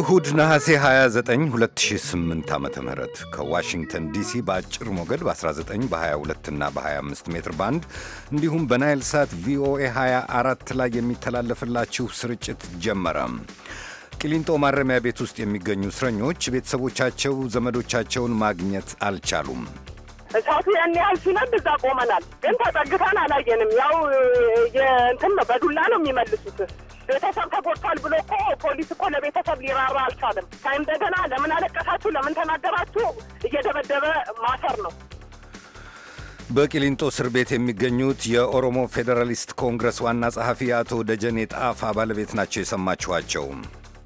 እሁድ ነሐሴ 29 2008 ዓ ም ከዋሽንግተን ዲሲ በአጭር ሞገድ በ19 በ22 እና በ25 ሜትር ባንድ እንዲሁም በናይል ሳት ቪኦኤ 24 ላይ የሚተላለፍላችሁ ስርጭት ጀመረ። ቂሊንጦ ማረሚያ ቤት ውስጥ የሚገኙ እስረኞች ቤተሰቦቻቸው ዘመዶቻቸውን ማግኘት አልቻሉም። እሳቱ ያን ያህል ሲነድ እዛ ቆመናል፣ ግን ተጠግተን አላየንም። ያው የእንትን ነው፣ በዱላ ነው የሚመልሱት ቤተሰብ ተጎድቷል ብሎ እኮ ፖሊስ እኮ ለቤተሰብ ሊራራ አልቻለም። እንደገና ለምን አለቀሳችሁ፣ ለምን ተናገራችሁ እየደበደበ ማሰር ነው። በቂሊንጦ እስር ቤት የሚገኙት የኦሮሞ ፌዴራሊስት ኮንግረስ ዋና ጸሐፊ አቶ ደጀኔ ጣፋ ባለቤት ናቸው የሰማችኋቸው።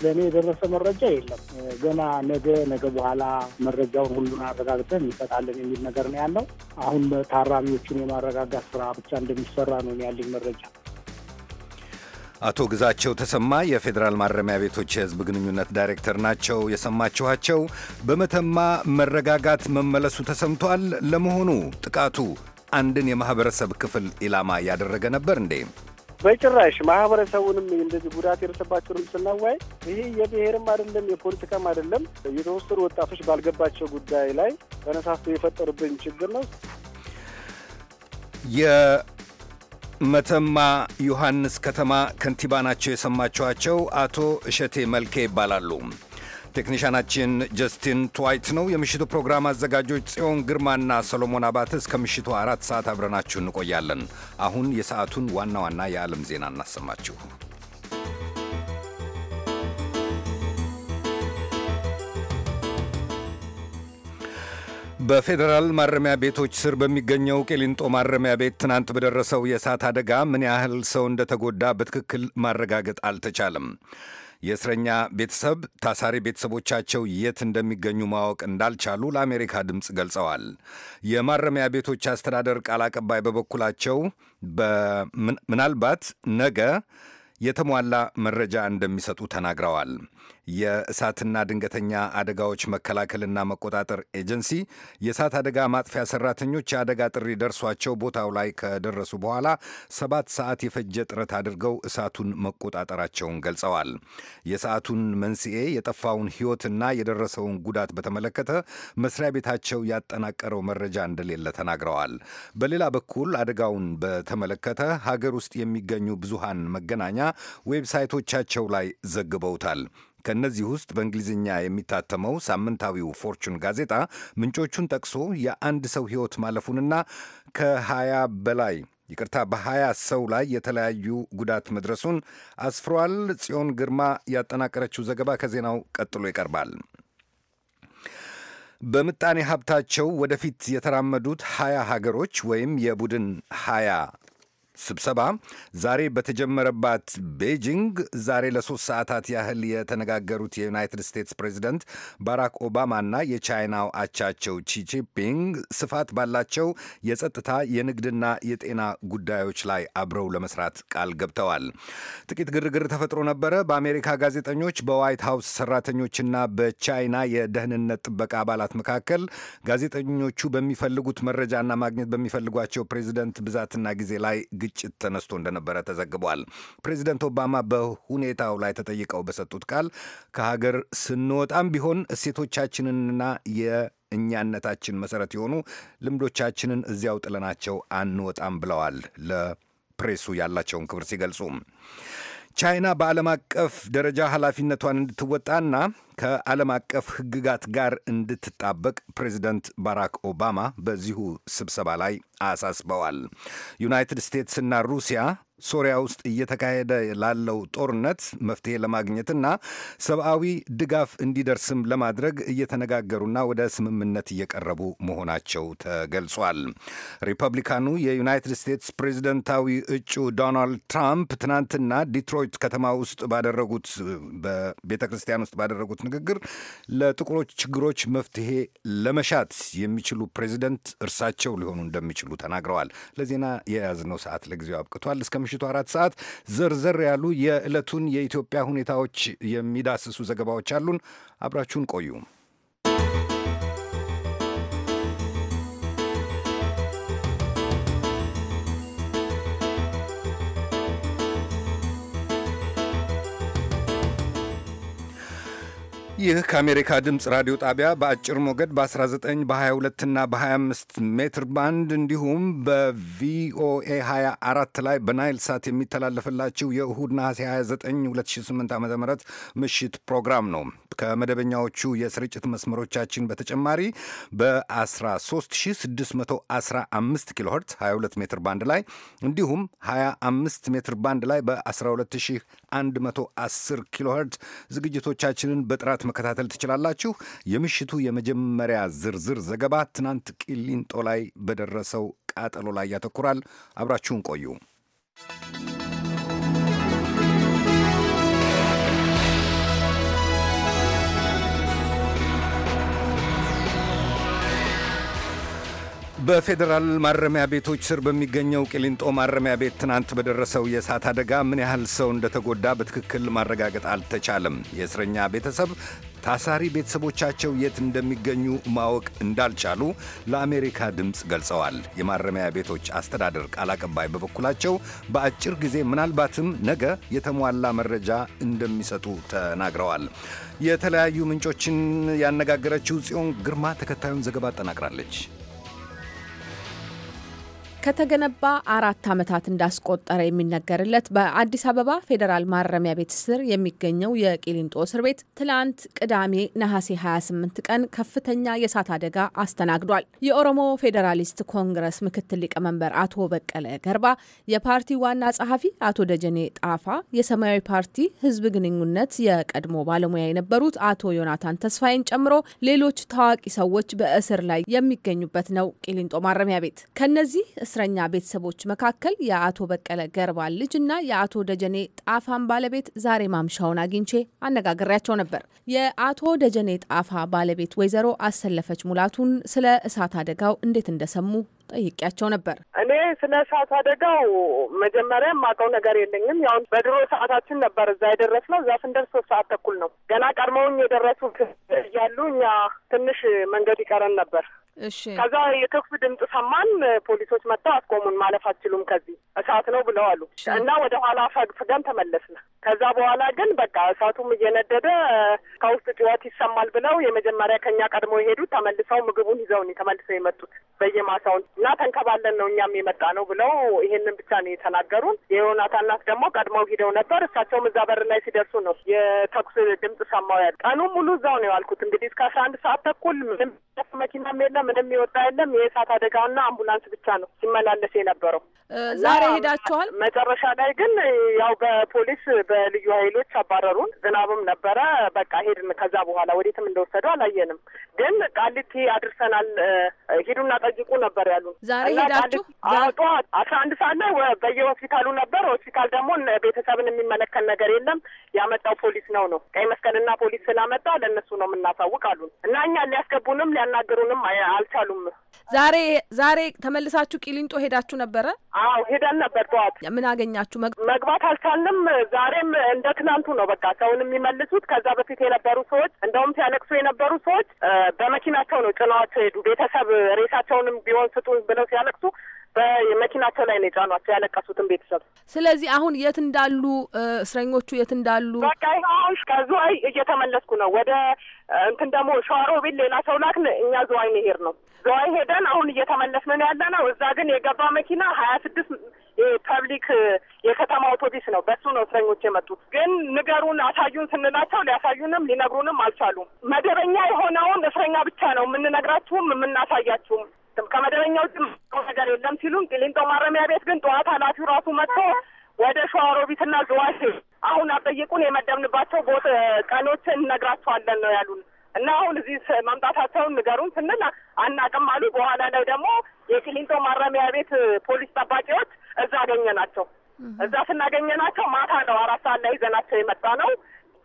ለእኔ የደረሰ መረጃ የለም። ገና ነገ ነገ በኋላ መረጃውን ሁሉን አረጋግጠን እንሰጣለን የሚል ነገር ነው ያለው። አሁን ታራሚዎቹን የማረጋጋት ስራ ብቻ እንደሚሰራ ነው ያለኝ መረጃ። አቶ ግዛቸው ተሰማ የፌዴራል ማረሚያ ቤቶች የህዝብ ግንኙነት ዳይሬክተር ናቸው የሰማችኋቸው። በመተማ መረጋጋት መመለሱ ተሰምቷል። ለመሆኑ ጥቃቱ አንድን የማህበረሰብ ክፍል ኢላማ ያደረገ ነበር እንዴ? በጭራሽ ማህበረሰቡንም እንደዚህ ጉዳት የደረሰባቸውንም ስናዋይ ይሄ የብሔርም አይደለም የፖለቲካም አይደለም የተወሰኑ ወጣቶች ባልገባቸው ጉዳይ ላይ ተነሳስቶ የፈጠሩብን ችግር ነው። መተማ ዮሐንስ ከተማ ከንቲባ ናቸው የሰማችኋቸው። አቶ እሸቴ መልኬ ይባላሉ። ቴክኒሻናችን ጀስቲን ትዋይት ነው። የምሽቱ ፕሮግራም አዘጋጆች ጽዮን ግርማና ሰሎሞን አባተ እስከ ምሽቱ አራት ሰዓት አብረናችሁ እንቆያለን። አሁን የሰዓቱን ዋና ዋና የዓለም ዜና እናሰማችሁ። በፌዴራል ማረሚያ ቤቶች ስር በሚገኘው ቄሊንጦ ማረሚያ ቤት ትናንት በደረሰው የእሳት አደጋ ምን ያህል ሰው እንደተጎዳ በትክክል ማረጋገጥ አልተቻለም። የእስረኛ ቤተሰብ ታሳሪ ቤተሰቦቻቸው የት እንደሚገኙ ማወቅ እንዳልቻሉ ለአሜሪካ ድምፅ ገልጸዋል። የማረሚያ ቤቶች አስተዳደር ቃል አቀባይ በበኩላቸው ምናልባት ነገ የተሟላ መረጃ እንደሚሰጡ ተናግረዋል። የእሳትና ድንገተኛ አደጋዎች መከላከልና መቆጣጠር ኤጀንሲ የእሳት አደጋ ማጥፊያ ሰራተኞች የአደጋ ጥሪ ደርሷቸው ቦታው ላይ ከደረሱ በኋላ ሰባት ሰዓት የፈጀ ጥረት አድርገው እሳቱን መቆጣጠራቸውን ገልጸዋል። የሰዓቱን መንስኤ፣ የጠፋውን ሕይወትና የደረሰውን ጉዳት በተመለከተ መስሪያ ቤታቸው ያጠናቀረው መረጃ እንደሌለ ተናግረዋል። በሌላ በኩል አደጋውን በተመለከተ ሀገር ውስጥ የሚገኙ ብዙሃን መገናኛ ዌብሳይቶቻቸው ላይ ዘግበውታል። ከእነዚህ ውስጥ በእንግሊዝኛ የሚታተመው ሳምንታዊው ፎርቹን ጋዜጣ ምንጮቹን ጠቅሶ የአንድ ሰው ሕይወት ማለፉንና ከሀያ በላይ ይቅርታ በሀያ ሰው ላይ የተለያዩ ጉዳት መድረሱን አስፍሯል። ጽዮን ግርማ ያጠናቀረችው ዘገባ ከዜናው ቀጥሎ ይቀርባል። በምጣኔ ሀብታቸው ወደፊት የተራመዱት ሀያ ሀገሮች ወይም የቡድን ሀያ ስብሰባ ዛሬ በተጀመረባት ቤጂንግ ዛሬ ለሶስት ሰዓታት ያህል የተነጋገሩት የዩናይትድ ስቴትስ ፕሬዚደንት ባራክ ኦባማና የቻይናው አቻቸው ቺቺፒንግ ስፋት ባላቸው የጸጥታ የንግድና የጤና ጉዳዮች ላይ አብረው ለመስራት ቃል ገብተዋል። ጥቂት ግርግር ተፈጥሮ ነበረ። በአሜሪካ ጋዜጠኞች፣ በዋይት ሀውስ ሰራተኞችና በቻይና የደህንነት ጥበቃ አባላት መካከል ጋዜጠኞቹ በሚፈልጉት መረጃና ማግኘት በሚፈልጓቸው ፕሬዚደንት ብዛትና ጊዜ ላይ ግጭት ተነስቶ እንደነበረ ተዘግቧል። ፕሬዚደንት ኦባማ በሁኔታው ላይ ተጠይቀው በሰጡት ቃል ከሀገር ስንወጣም ቢሆን እሴቶቻችንንና የእኛነታችን መሰረት የሆኑ ልምዶቻችንን እዚያው ጥለናቸው አንወጣም ብለዋል። ለፕሬሱ ያላቸውን ክብር ሲገልጹ ቻይና በዓለም አቀፍ ደረጃ ኃላፊነቷን እንድትወጣና ከዓለም አቀፍ ሕግጋት ጋር እንድትጣበቅ ፕሬዚደንት ባራክ ኦባማ በዚሁ ስብሰባ ላይ አሳስበዋል። ዩናይትድ ስቴትስና ሩሲያ ሶሪያ ውስጥ እየተካሄደ ላለው ጦርነት መፍትሄ ለማግኘትና ሰብአዊ ድጋፍ እንዲደርስም ለማድረግ እየተነጋገሩና ወደ ስምምነት እየቀረቡ መሆናቸው ተገልጿል። ሪፐብሊካኑ የዩናይትድ ስቴትስ ፕሬዚደንታዊ እጩ ዶናልድ ትራምፕ ትናንትና ዲትሮይት ከተማ ውስጥ ባደረጉት በቤተ ክርስቲያን ውስጥ ባደረጉት ንግግር ለጥቁሮች ችግሮች መፍትሄ ለመሻት የሚችሉ ፕሬዚደንት እርሳቸው ሊሆኑ እንደሚችሉ ተናግረዋል። ለዜና የያዝነው ሰዓት ለጊዜው አብቅቷል። ከምሽቱ አራት ሰዓት ዘርዘር ያሉ የዕለቱን የኢትዮጵያ ሁኔታዎች የሚዳስሱ ዘገባዎች አሉን። አብራችሁን ቆዩ። ይህ ከአሜሪካ ድምፅ ራዲዮ ጣቢያ በአጭር ሞገድ በ19 በ22 እና በ25 ሜትር ባንድ እንዲሁም በቪኦኤ 24 ላይ በናይል ሳት የሚተላለፍላችሁ የእሁድ ነሐሴ 29 2008 ዓ.ም ምሽት ፕሮግራም ነው። ከመደበኛዎቹ የስርጭት መስመሮቻችን በተጨማሪ በ13615 ኪሎ 22 ሜትር ባንድ ላይ እንዲሁም 25 ሜትር ባንድ ላይ በ12000 110 ኪሎ ሄርትዝ ዝግጅቶቻችንን በጥራት መከታተል ትችላላችሁ። የምሽቱ የመጀመሪያ ዝርዝር ዘገባ ትናንት ቂሊንጦ ላይ በደረሰው ቃጠሎ ላይ ያተኩራል። አብራችሁን ቆዩ። በፌዴራል ማረሚያ ቤቶች ስር በሚገኘው ቅሊንጦ ማረሚያ ቤት ትናንት በደረሰው የእሳት አደጋ ምን ያህል ሰው እንደተጎዳ በትክክል ማረጋገጥ አልተቻለም። የእስረኛ ቤተሰብ ታሳሪ ቤተሰቦቻቸው የት እንደሚገኙ ማወቅ እንዳልቻሉ ለአሜሪካ ድምፅ ገልጸዋል። የማረሚያ ቤቶች አስተዳደር ቃል አቀባይ በበኩላቸው በአጭር ጊዜ ምናልባትም ነገ የተሟላ መረጃ እንደሚሰጡ ተናግረዋል። የተለያዩ ምንጮችን ያነጋገረችው ጽዮን ግርማ ተከታዩን ዘገባ አጠናቅራለች። ከተገነባ አራት ዓመታት እንዳስቆጠረ የሚነገርለት በአዲስ አበባ ፌዴራል ማረሚያ ቤት ስር የሚገኘው የቂሊንጦ እስር ቤት ትላንት ቅዳሜ ነሐሴ 28 ቀን ከፍተኛ የእሳት አደጋ አስተናግዷል። የኦሮሞ ፌዴራሊስት ኮንግረስ ምክትል ሊቀመንበር አቶ በቀለ ገርባ፣ የፓርቲ ዋና ጸሐፊ አቶ ደጀኔ ጣፋ፣ የሰማያዊ ፓርቲ ህዝብ ግንኙነት የቀድሞ ባለሙያ የነበሩት አቶ ዮናታን ተስፋዬን ጨምሮ ሌሎች ታዋቂ ሰዎች በእስር ላይ የሚገኙበት ነው ቂሊንጦ ማረሚያ ቤት ከነዚህ እስረኛ ቤተሰቦች መካከል የአቶ በቀለ ገርባ ልጅ እና የአቶ ደጀኔ ጣፋን ባለቤት ዛሬ ማምሻውን አግኝቼ አነጋግሬያቸው ነበር። የአቶ ደጀኔ ጣፋ ባለቤት ወይዘሮ አሰለፈች ሙላቱን ስለ እሳት አደጋው እንዴት እንደሰሙ ጠይቄያቸው ነበር። እኔ ስለ እሳት አደጋው መጀመሪያ የማውቀው ነገር የለኝም። ያው በድሮ ሰዓታችን ነበር እዛ የደረስነው። እዛ ስንደርስ ሶስት ሰዓት ተኩል ነው። ገና ቀድመውኝ የደረሱት እያሉ እኛ ትንሽ መንገድ ይቀረን ነበር። ከዛ የከፍ ድምጽ ሰማን። ፖሊሶች መጥተው አስቆሙን። ማለፍ አትችሉም ከዚህ እሳት ነው ብለው አሉ እና ወደ ኋላ ፈግፍገን ተመለስን። ከዛ በኋላ ግን በቃ እሳቱም እየነደደ ከውስጥ ጭወት ይሰማል ብለው የመጀመሪያ ከኛ ቀድሞ የሄዱት ተመልሰው ምግቡን ይዘውን ተመልሰው የመጡት በየማሳውን እና ተንከባለን ነው እኛም የመጣ ነው ብለው ይሄንን ብቻ ነው የተናገሩን። የዮናታ እናት ደግሞ ቀድመው ሂደው ነበር። እሳቸውም እዛ በር ላይ ሲደርሱ ነው የተኩስ ድምጽ ሰማው ያሉ። ቀኑን ሙሉ እዛው ነው ያልኩት እንግዲህ እስከ አስራ አንድ ሰዓት ተኩል ምንም መኪናም የለም ምንም ይወጣ የለም። የእሳት አደጋና አምቡላንስ ብቻ ነው ሲመላለስ የነበረው። ዛሬ ሄዳችኋል? መጨረሻ ላይ ግን ያው በፖሊስ በልዩ ኃይሎች አባረሩን። ዝናብም ነበረ። በቃ ሄድን። ከዛ በኋላ ወዴትም እንደወሰደው አላየንም። ግን ቃሊቲ አድርሰናል ሂዱና ጠይቁ ነበር ያሉ። ዛሬ ሄዳችሁ ጠዋት አስራ አንድ ሰዓት ላይ በየሆስፒታሉ ነበር። ሆስፒታል ደግሞ ቤተሰብን የሚመለከት ነገር የለም ያመጣው ፖሊስ ነው ነው ቀይ መስቀልና ፖሊስ ስላመጣ ለእነሱ ነው የምናሳውቅ አሉን እና እኛ ሊያስገቡንም ሊያናገሩንም አልቻሉም። ዛሬ ዛሬ ተመልሳችሁ ቂሊንጦ ሄዳችሁ ነበረ? አዎ ሄደን ነበር። ጠዋት ምን አገኛችሁ? መግባት አልቻልንም። ዛሬም እንደ ትናንቱ ነው። በቃ ሰውን የሚመልሱት ከዛ በፊት የነበሩ ሰዎች እንደውም ሲያለቅሱ የነበሩ ሰዎች በመኪናቸው ነው ጭነዋቸው ሄዱ። ቤተሰብ ሬሳቸውንም ቢሆን ስጡን ብለው ሲያለቅሱ በመኪናቸው ላይ ነው የጫኗቸው ያለቀሱትን ቤተሰብ። ስለዚህ አሁን የት እንዳሉ እስረኞቹ የት እንዳሉ በቃ አሁን ከዝዋይ እየተመለስኩ ነው። ወደ እንትን ደግሞ ሸዋሮቢል ሌላ ሰው ላክን። እኛ ዝዋይ መሄድ ነው። ዝዋይ ሄደን አሁን እየተመለስን ነው ያለ ነው። እዛ ግን የገባ መኪና ሀያ ስድስት ፐብሊክ የከተማ አውቶቢስ ነው። በሱ ነው እስረኞች የመጡት። ግን ንገሩን፣ አሳዩን ስንላቸው ሊያሳዩንም ሊነግሩንም አልቻሉም። መደበኛ የሆነውን እስረኛ ብቻ ነው የምንነግራችሁም የምናሳያችሁም። የለም ሲሉን ቂሊንጦ ማረሚያ ቤት ግን ጠዋት ኃላፊው ራሱ መጥቶ ወደ ሸዋሮቢትና ዝዋሽ አሁን አጠይቁን የመደብንባቸው ቦታ ቀኖችን እነግራቸዋለን ነው ያሉን እና አሁን እዚህ መምጣታቸውን ንገሩን ስንል አናቅም አሉ። በኋላ ላይ ደግሞ የቂሊንጦ ማረሚያ ቤት ፖሊስ ጠባቂዎች እዛ አገኘ ናቸው። እዛ ስናገኘ ናቸው ማታ ነው አራት ሰዓት ላይ ይዘናቸው የመጣ ነው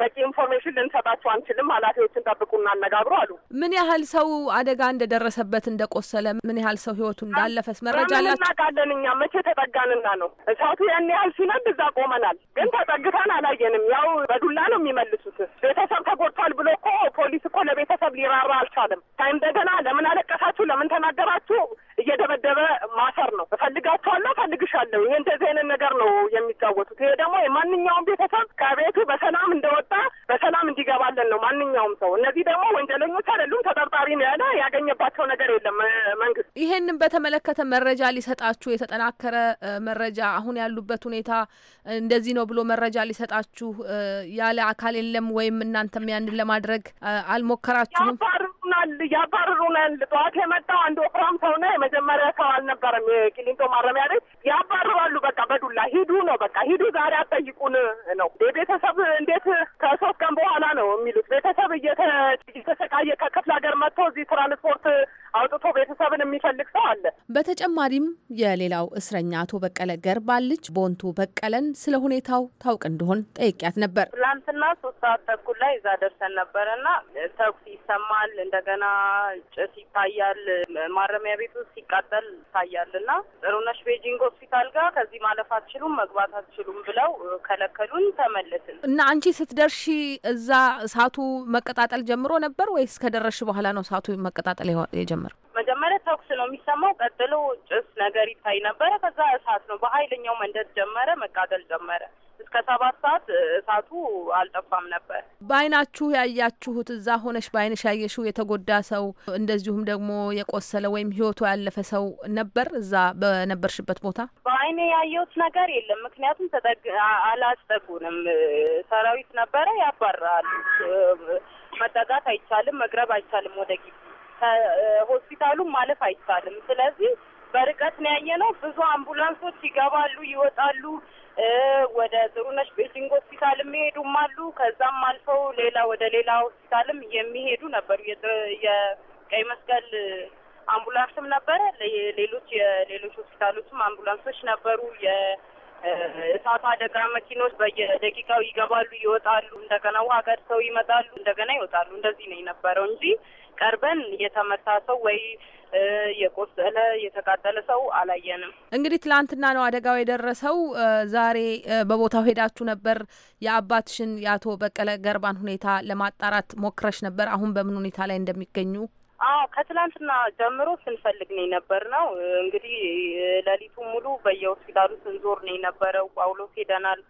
በቂ ኢንፎርሜሽን ልንሰጣቸው አንችልም፣ ኃላፊዎችን ጠብቁና አነጋግሩ አሉ። ምን ያህል ሰው አደጋ እንደደረሰበት እንደቆሰለ፣ ምን ያህል ሰው ህይወቱ እንዳለፈስ መረጃ አላቸው? እናውቃለን እኛ መቼ ተጠጋንና ነው እሳቱ ያን ያህል ሲነድ እዛ ቆመናል፣ ግን ተጠግተን አላየንም። ያው በዱላ ነው የሚመልሱት። ቤተሰብ ተጎድቷል ብሎ እኮ ፖሊስ እኮ ለቤተሰብ ሊራራ አልቻለም። እንደገና ለምን አለቀሳችሁ ለምን ተናገራችሁ እየደበደበ ማሰር ነው። እፈልጋቸዋለሁ፣ እፈልግሻለሁ። ይህ እንደዚህ አይነት ነገር ነው የሚጫወቱት። ይሄ ደግሞ የማንኛውም ቤተሰብ ከቤቱ በሰላም እንደወጣ በሰላም እንዲገባለን ነው ማንኛውም ሰው። እነዚህ ደግሞ ወንጀለኞች አይደሉም፣ ተጠርጣሪ ነው ያለ ያገኘባቸው ነገር የለም። መንግስት ይሄንን በተመለከተ መረጃ ሊሰጣችሁ የተጠናከረ መረጃ አሁን ያሉበት ሁኔታ እንደዚህ ነው ብሎ መረጃ ሊሰጣችሁ ያለ አካል የለም ወይም እናንተም ያንን ለማድረግ አልሞከራችሁም? ያባርሩናል ያባርሩናል። ጠዋት የመጣው አንድ ወፍራም ነው። የመጀመሪያ ሰው አልነበረም የቂሊንጦ ማረሚያ ቤት። ያባርራሉ በቃ በዱላ ሂዱ ነው በቃ ሂዱ፣ ዛሬ አጠይቁን ነው። የቤተሰብ እንዴት ከሶስት ቀን በኋላ ነው የሚሉት ቤተሰብ እየተሰቃየ ከክፍለ ሀገር መጥቶ እዚህ ትራንስፖርት አውጥቶ ቤተሰብን የሚፈልግ ሰው አለ። በተጨማሪም የሌላው እስረኛ አቶ በቀለ ገርባ ልጅ ቦንቱ በቀለን ስለ ሁኔታው ታውቅ እንደሆን ጠይቂያት ነበር። ትላንትና ሶስት ሰዓት ተኩል ላይ እዛ ደርሰን ነበረና ተኩስ ይሰማል እንደ እንደገና ጭስ ይታያል። ማረሚያ ቤት ውስጥ ሲቃጠል ይታያል እና ጥሩነሽ ቤጂንግ ሆስፒታል ጋር ከዚህ ማለፍ አትችሉም፣ መግባት አትችሉም ብለው ከለከሉን። ተመለስን እና አንቺ ስትደርሺ እዛ እሳቱ መቀጣጠል ጀምሮ ነበር ወይስ ከደረስሽ በኋላ ነው እሳቱ መቀጣጠል የጀመረው? ተኩስ ነው የሚሰማው። ቀጥሎ ጭስ ነገር ይታይ ነበረ። ከዛ እሳት ነው በኃይለኛው መንደድ ጀመረ፣ መቃጠል ጀመረ። እስከ ሰባት ሰዓት እሳቱ አልጠፋም ነበር። በአይናችሁ ያያችሁት እዛ ሆነሽ በአይነሽ ያየሽው የተጎዳ ሰው እንደዚሁም ደግሞ የቆሰለ ወይም ህይወቱ ያለፈ ሰው ነበር እዛ በነበርሽበት ቦታ? በአይኔ ያየሁት ነገር የለም። ምክንያቱም አላስጠጉንም። ሰራዊት ነበረ፣ ያባራሉ። መጠጋት አይቻልም፣ መቅረብ አይቻልም ወደ ጊዜ ከሆስፒታሉ ማለፍ አይቻልም። ስለዚህ በርቀት ነው ያየ ነው። ብዙ አምቡላንሶች ይገባሉ፣ ይወጣሉ። ወደ ጥሩነሽ ቤልዲንግ ሆስፒታል የሚሄዱም አሉ። ከዛም አልፈው ሌላ ወደ ሌላ ሆስፒታልም የሚሄዱ ነበሩ። የቀይ መስቀል አምቡላንስም ነበረ። ሌሎች የሌሎች ሆስፒታሎችም አምቡላንሶች ነበሩ። የእሳት አደጋ መኪኖች በየደቂቃው ይገባሉ፣ ይወጣሉ። እንደገና ውሃ ቀድተው ይመጣሉ፣ እንደገና ይወጣሉ። እንደዚህ ነው የነበረው እንጂ ቀርበን የተመታ ሰው ወይ የቆሰለ የተቃጠለ ሰው አላየንም። እንግዲህ ትላንትና ነው አደጋው የደረሰው። ዛሬ በቦታው ሄዳችሁ ነበር። የአባትሽን የአቶ በቀለ ገርባን ሁኔታ ለማጣራት ሞክረሽ ነበር። አሁን በምን ሁኔታ ላይ እንደሚገኙ? አዎ ከትላንትና ጀምሮ ስንፈልግ ነው የነበር ነው እንግዲህ ሌሊቱ ሙሉ በየሆስፒታሉ ስንዞር ነው የነበረው። ጳውሎስ ሄደናል፣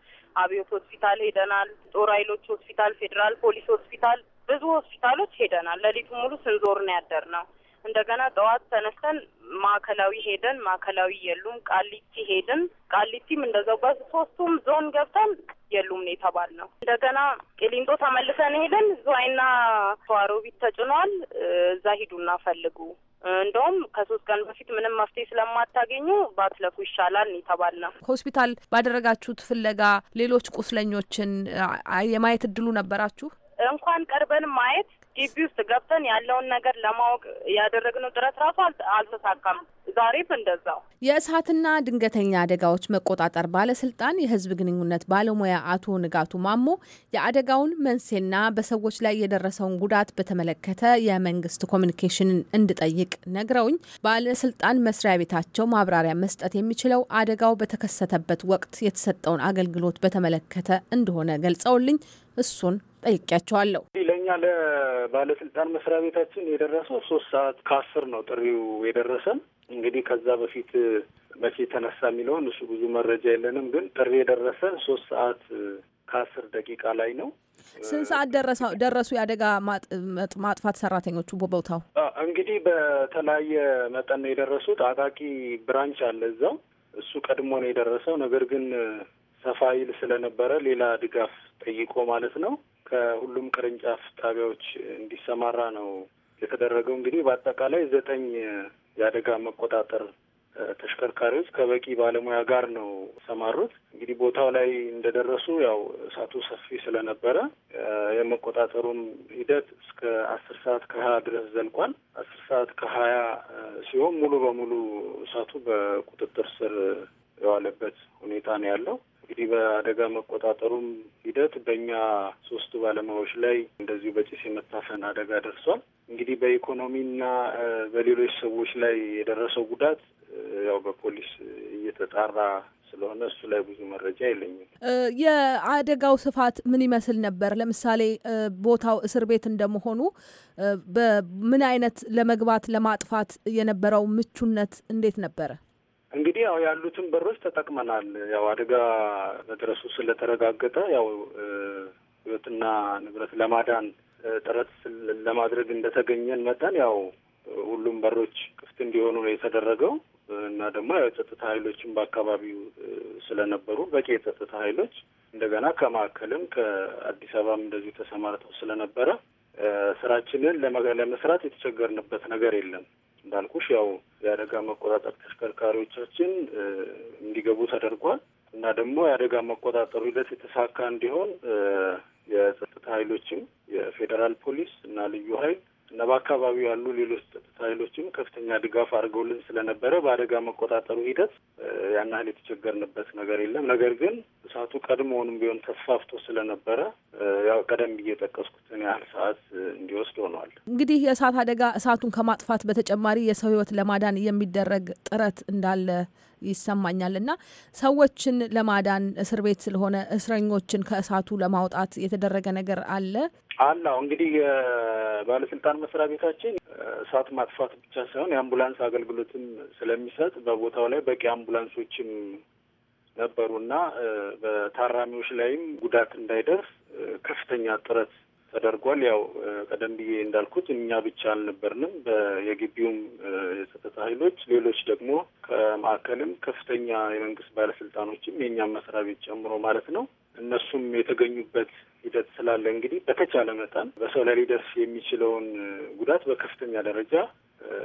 አብዮት ሆስፒታል ሄደናል፣ ጦር ኃይሎች ሆስፒታል፣ ፌዴራል ፖሊስ ሆስፒታል ብዙ ሆስፒታሎች ሄደናል። ለሊቱ ሙሉ ስንዞር ነው ያደር ነው። እንደገና ጠዋት ተነስተን ማዕከላዊ ሄደን ማዕከላዊ የሉም። ቃሊቲ ሄድን። ቃሊቲም እንደዛው በሶስቱም ዞን ገብተን የሉም ነው የተባል ነው። እንደገና ቅሊንጦ ተመልሰን ሄደን ዝዋይና ተዋሮቢት ተጭኗል። እዛ ሂዱና ፈልጉ እንደውም ከሶስት ቀን በፊት ምንም መፍትሄ ስለማታገኙ ባትለፉ ይሻላል የተባል ነው። ሆስፒታል ባደረጋችሁት ፍለጋ ሌሎች ቁስለኞችን የማየት እድሉ ነበራችሁ? እንኳን ቀርበን ማየት ግቢ ውስጥ ገብተን ያለውን ነገር ለማወቅ ያደረግነው ጥረት ራሱ አልተሳካም። ዛሬም እንደዛው። የእሳትና ድንገተኛ አደጋዎች መቆጣጠር ባለስልጣን የህዝብ ግንኙነት ባለሙያ አቶ ንጋቱ ማሞ የአደጋውን መንስኤና በሰዎች ላይ የደረሰውን ጉዳት በተመለከተ የመንግስት ኮሚኒኬሽንን እንድጠይቅ ነግረውኝ ባለስልጣን መስሪያ ቤታቸው ማብራሪያ መስጠት የሚችለው አደጋው በተከሰተበት ወቅት የተሰጠውን አገልግሎት በተመለከተ እንደሆነ ገልጸውልኝ እሱን ጠይቄያቸዋለሁ። ለእኛ ለባለስልጣን መስሪያ ቤታችን የደረሰው ሶስት ሰዓት ከአስር ነው ጥሪው የደረሰን። እንግዲህ ከዛ በፊት መቼ ተነሳ የሚለውን እሱ ብዙ መረጃ የለንም፣ ግን ጥሪ የደረሰን ሶስት ሰዓት ከአስር ደቂቃ ላይ ነው። ስንት ሰዓት ደረሱ የአደጋ ማጥፋት ሰራተኞቹ በቦታው? እንግዲህ በተለያየ መጠን ነው የደረሱት። አቃቂ ብራንች አለ እዛው፣ እሱ ቀድሞ ነው የደረሰው። ነገር ግን ሰፋ ይል ስለነበረ ሌላ ድጋፍ ጠይቆ ማለት ነው ከሁሉም ቅርንጫፍ ጣቢያዎች እንዲሰማራ ነው የተደረገው። እንግዲህ በአጠቃላይ ዘጠኝ የአደጋ መቆጣጠር ተሽከርካሪዎች ከበቂ ባለሙያ ጋር ነው ሰማሩት። እንግዲህ ቦታው ላይ እንደደረሱ ያው እሳቱ ሰፊ ስለነበረ የመቆጣጠሩም ሂደት እስከ አስር ሰዓት ከሀያ ድረስ ዘልቋል። አስር ሰዓት ከሀያ ሲሆን ሙሉ በሙሉ እሳቱ በቁጥጥር ስር የዋለበት ሁኔታ ነው ያለው። እንግዲህ በአደጋ መቆጣጠሩም ሂደት በእኛ ሶስቱ ባለሙያዎች ላይ እንደዚሁ በጭስ የመታፈን አደጋ ደርሷል። እንግዲህ በኢኮኖሚና በሌሎች ሰዎች ላይ የደረሰው ጉዳት ያው በፖሊስ እየተጣራ ስለሆነ እሱ ላይ ብዙ መረጃ የለኝም። የአደጋው ስፋት ምን ይመስል ነበር? ለምሳሌ ቦታው እስር ቤት እንደመሆኑ በምን አይነት ለመግባት ለማጥፋት የነበረው ምቹነት እንዴት ነበረ? እንግዲህ ያው ያሉትን በሮች ተጠቅመናል። ያው አደጋ መድረሱ ስለተረጋገጠ ያው ህይወትና ንብረት ለማዳን ጥረት ለማድረግ እንደተገኘን መጠን ያው ሁሉም በሮች ክፍት እንዲሆኑ ነው የተደረገው እና ደግሞ ያው የጸጥታ ኃይሎችን በአካባቢው ስለነበሩ በቂ የጸጥታ ኃይሎች እንደገና ከማዕከልም ከአዲስ አበባም እንደዚሁ ተሰማርተው ስለነበረ ስራችንን ለመስራት የተቸገርንበት ነገር የለም። እንዳልኩሽ ያው የአደጋ መቆጣጠር ተሽከርካሪዎቻችን እንዲገቡ ተደርጓል እና ደግሞ የአደጋ መቆጣጠሩ ሂደት የተሳካ እንዲሆን የጸጥታ ኃይሎችም የፌዴራል ፖሊስ እና ልዩ ኃይል እና በአካባቢው ያሉ ሌሎች ጸጥታ ኃይሎችም ከፍተኛ ድጋፍ አድርገውልን ስለነበረ በአደጋ መቆጣጠሩ ሂደት ያን ያህል የተቸገርንበት ነገር የለም። ነገር ግን እሳቱ ቀድሞውንም ቢሆን ተስፋፍቶ ስለነበረ ያው ቀደም ብዬ የጠቀስኩትን ያህል ሰዓት እንዲወስድ ሆኗል። እንግዲህ የእሳት አደጋ እሳቱን ከማጥፋት በተጨማሪ የሰው ሕይወት ለማዳን የሚደረግ ጥረት እንዳለ ይሰማኛል። እና ሰዎችን ለማዳን እስር ቤት ስለሆነ እስረኞችን ከእሳቱ ለማውጣት የተደረገ ነገር አለ አላው እንግዲህ የባለስልጣን መስሪያ ቤታችን እሳት ማጥፋት ብቻ ሳይሆን የአምቡላንስ አገልግሎትም ስለሚሰጥ በቦታው ላይ በቂ አምቡላንሶችም ነበሩና በታራሚዎች ላይም ጉዳት እንዳይደርስ ከፍተኛ ጥረት ተደርጓል። ያው ቀደም ብዬ እንዳልኩት እኛ ብቻ አልነበርንም። የግቢውም የጸጥታ ኃይሎች፣ ሌሎች ደግሞ ከማዕከልም ከፍተኛ የመንግስት ባለስልጣኖችም የእኛም መስሪያ ቤት ጨምሮ ማለት ነው እነሱም የተገኙበት ሂደት ስላለ እንግዲህ በተቻለ መጠን በሰው ላይ ሊደርስ የሚችለውን ጉዳት በከፍተኛ ደረጃ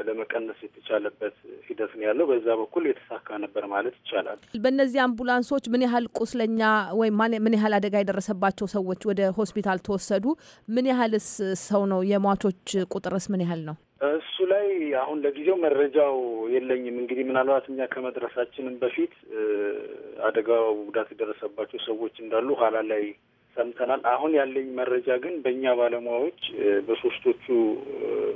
ለመቀነስ የተቻለበት ሂደት ነው ያለው። በዛ በኩል የተሳካ ነበር ማለት ይቻላል። በእነዚህ አምቡላንሶች ምን ያህል ቁስለኛ ወይም ምን ያህል አደጋ የደረሰባቸው ሰዎች ወደ ሆስፒታል ተወሰዱ? ምን ያህልስ ሰው ነው? የሟቾች ቁጥርስ ምን ያህል ነው? እሱ ላይ አሁን ለጊዜው መረጃው የለኝም። እንግዲህ ምናልባት እኛ ከመድረሳችንም በፊት አደጋው ጉዳት የደረሰባቸው ሰዎች እንዳሉ ኋላ ላይ ሰምተናል። አሁን ያለኝ መረጃ ግን በእኛ ባለሙያዎች በሶስቶቹ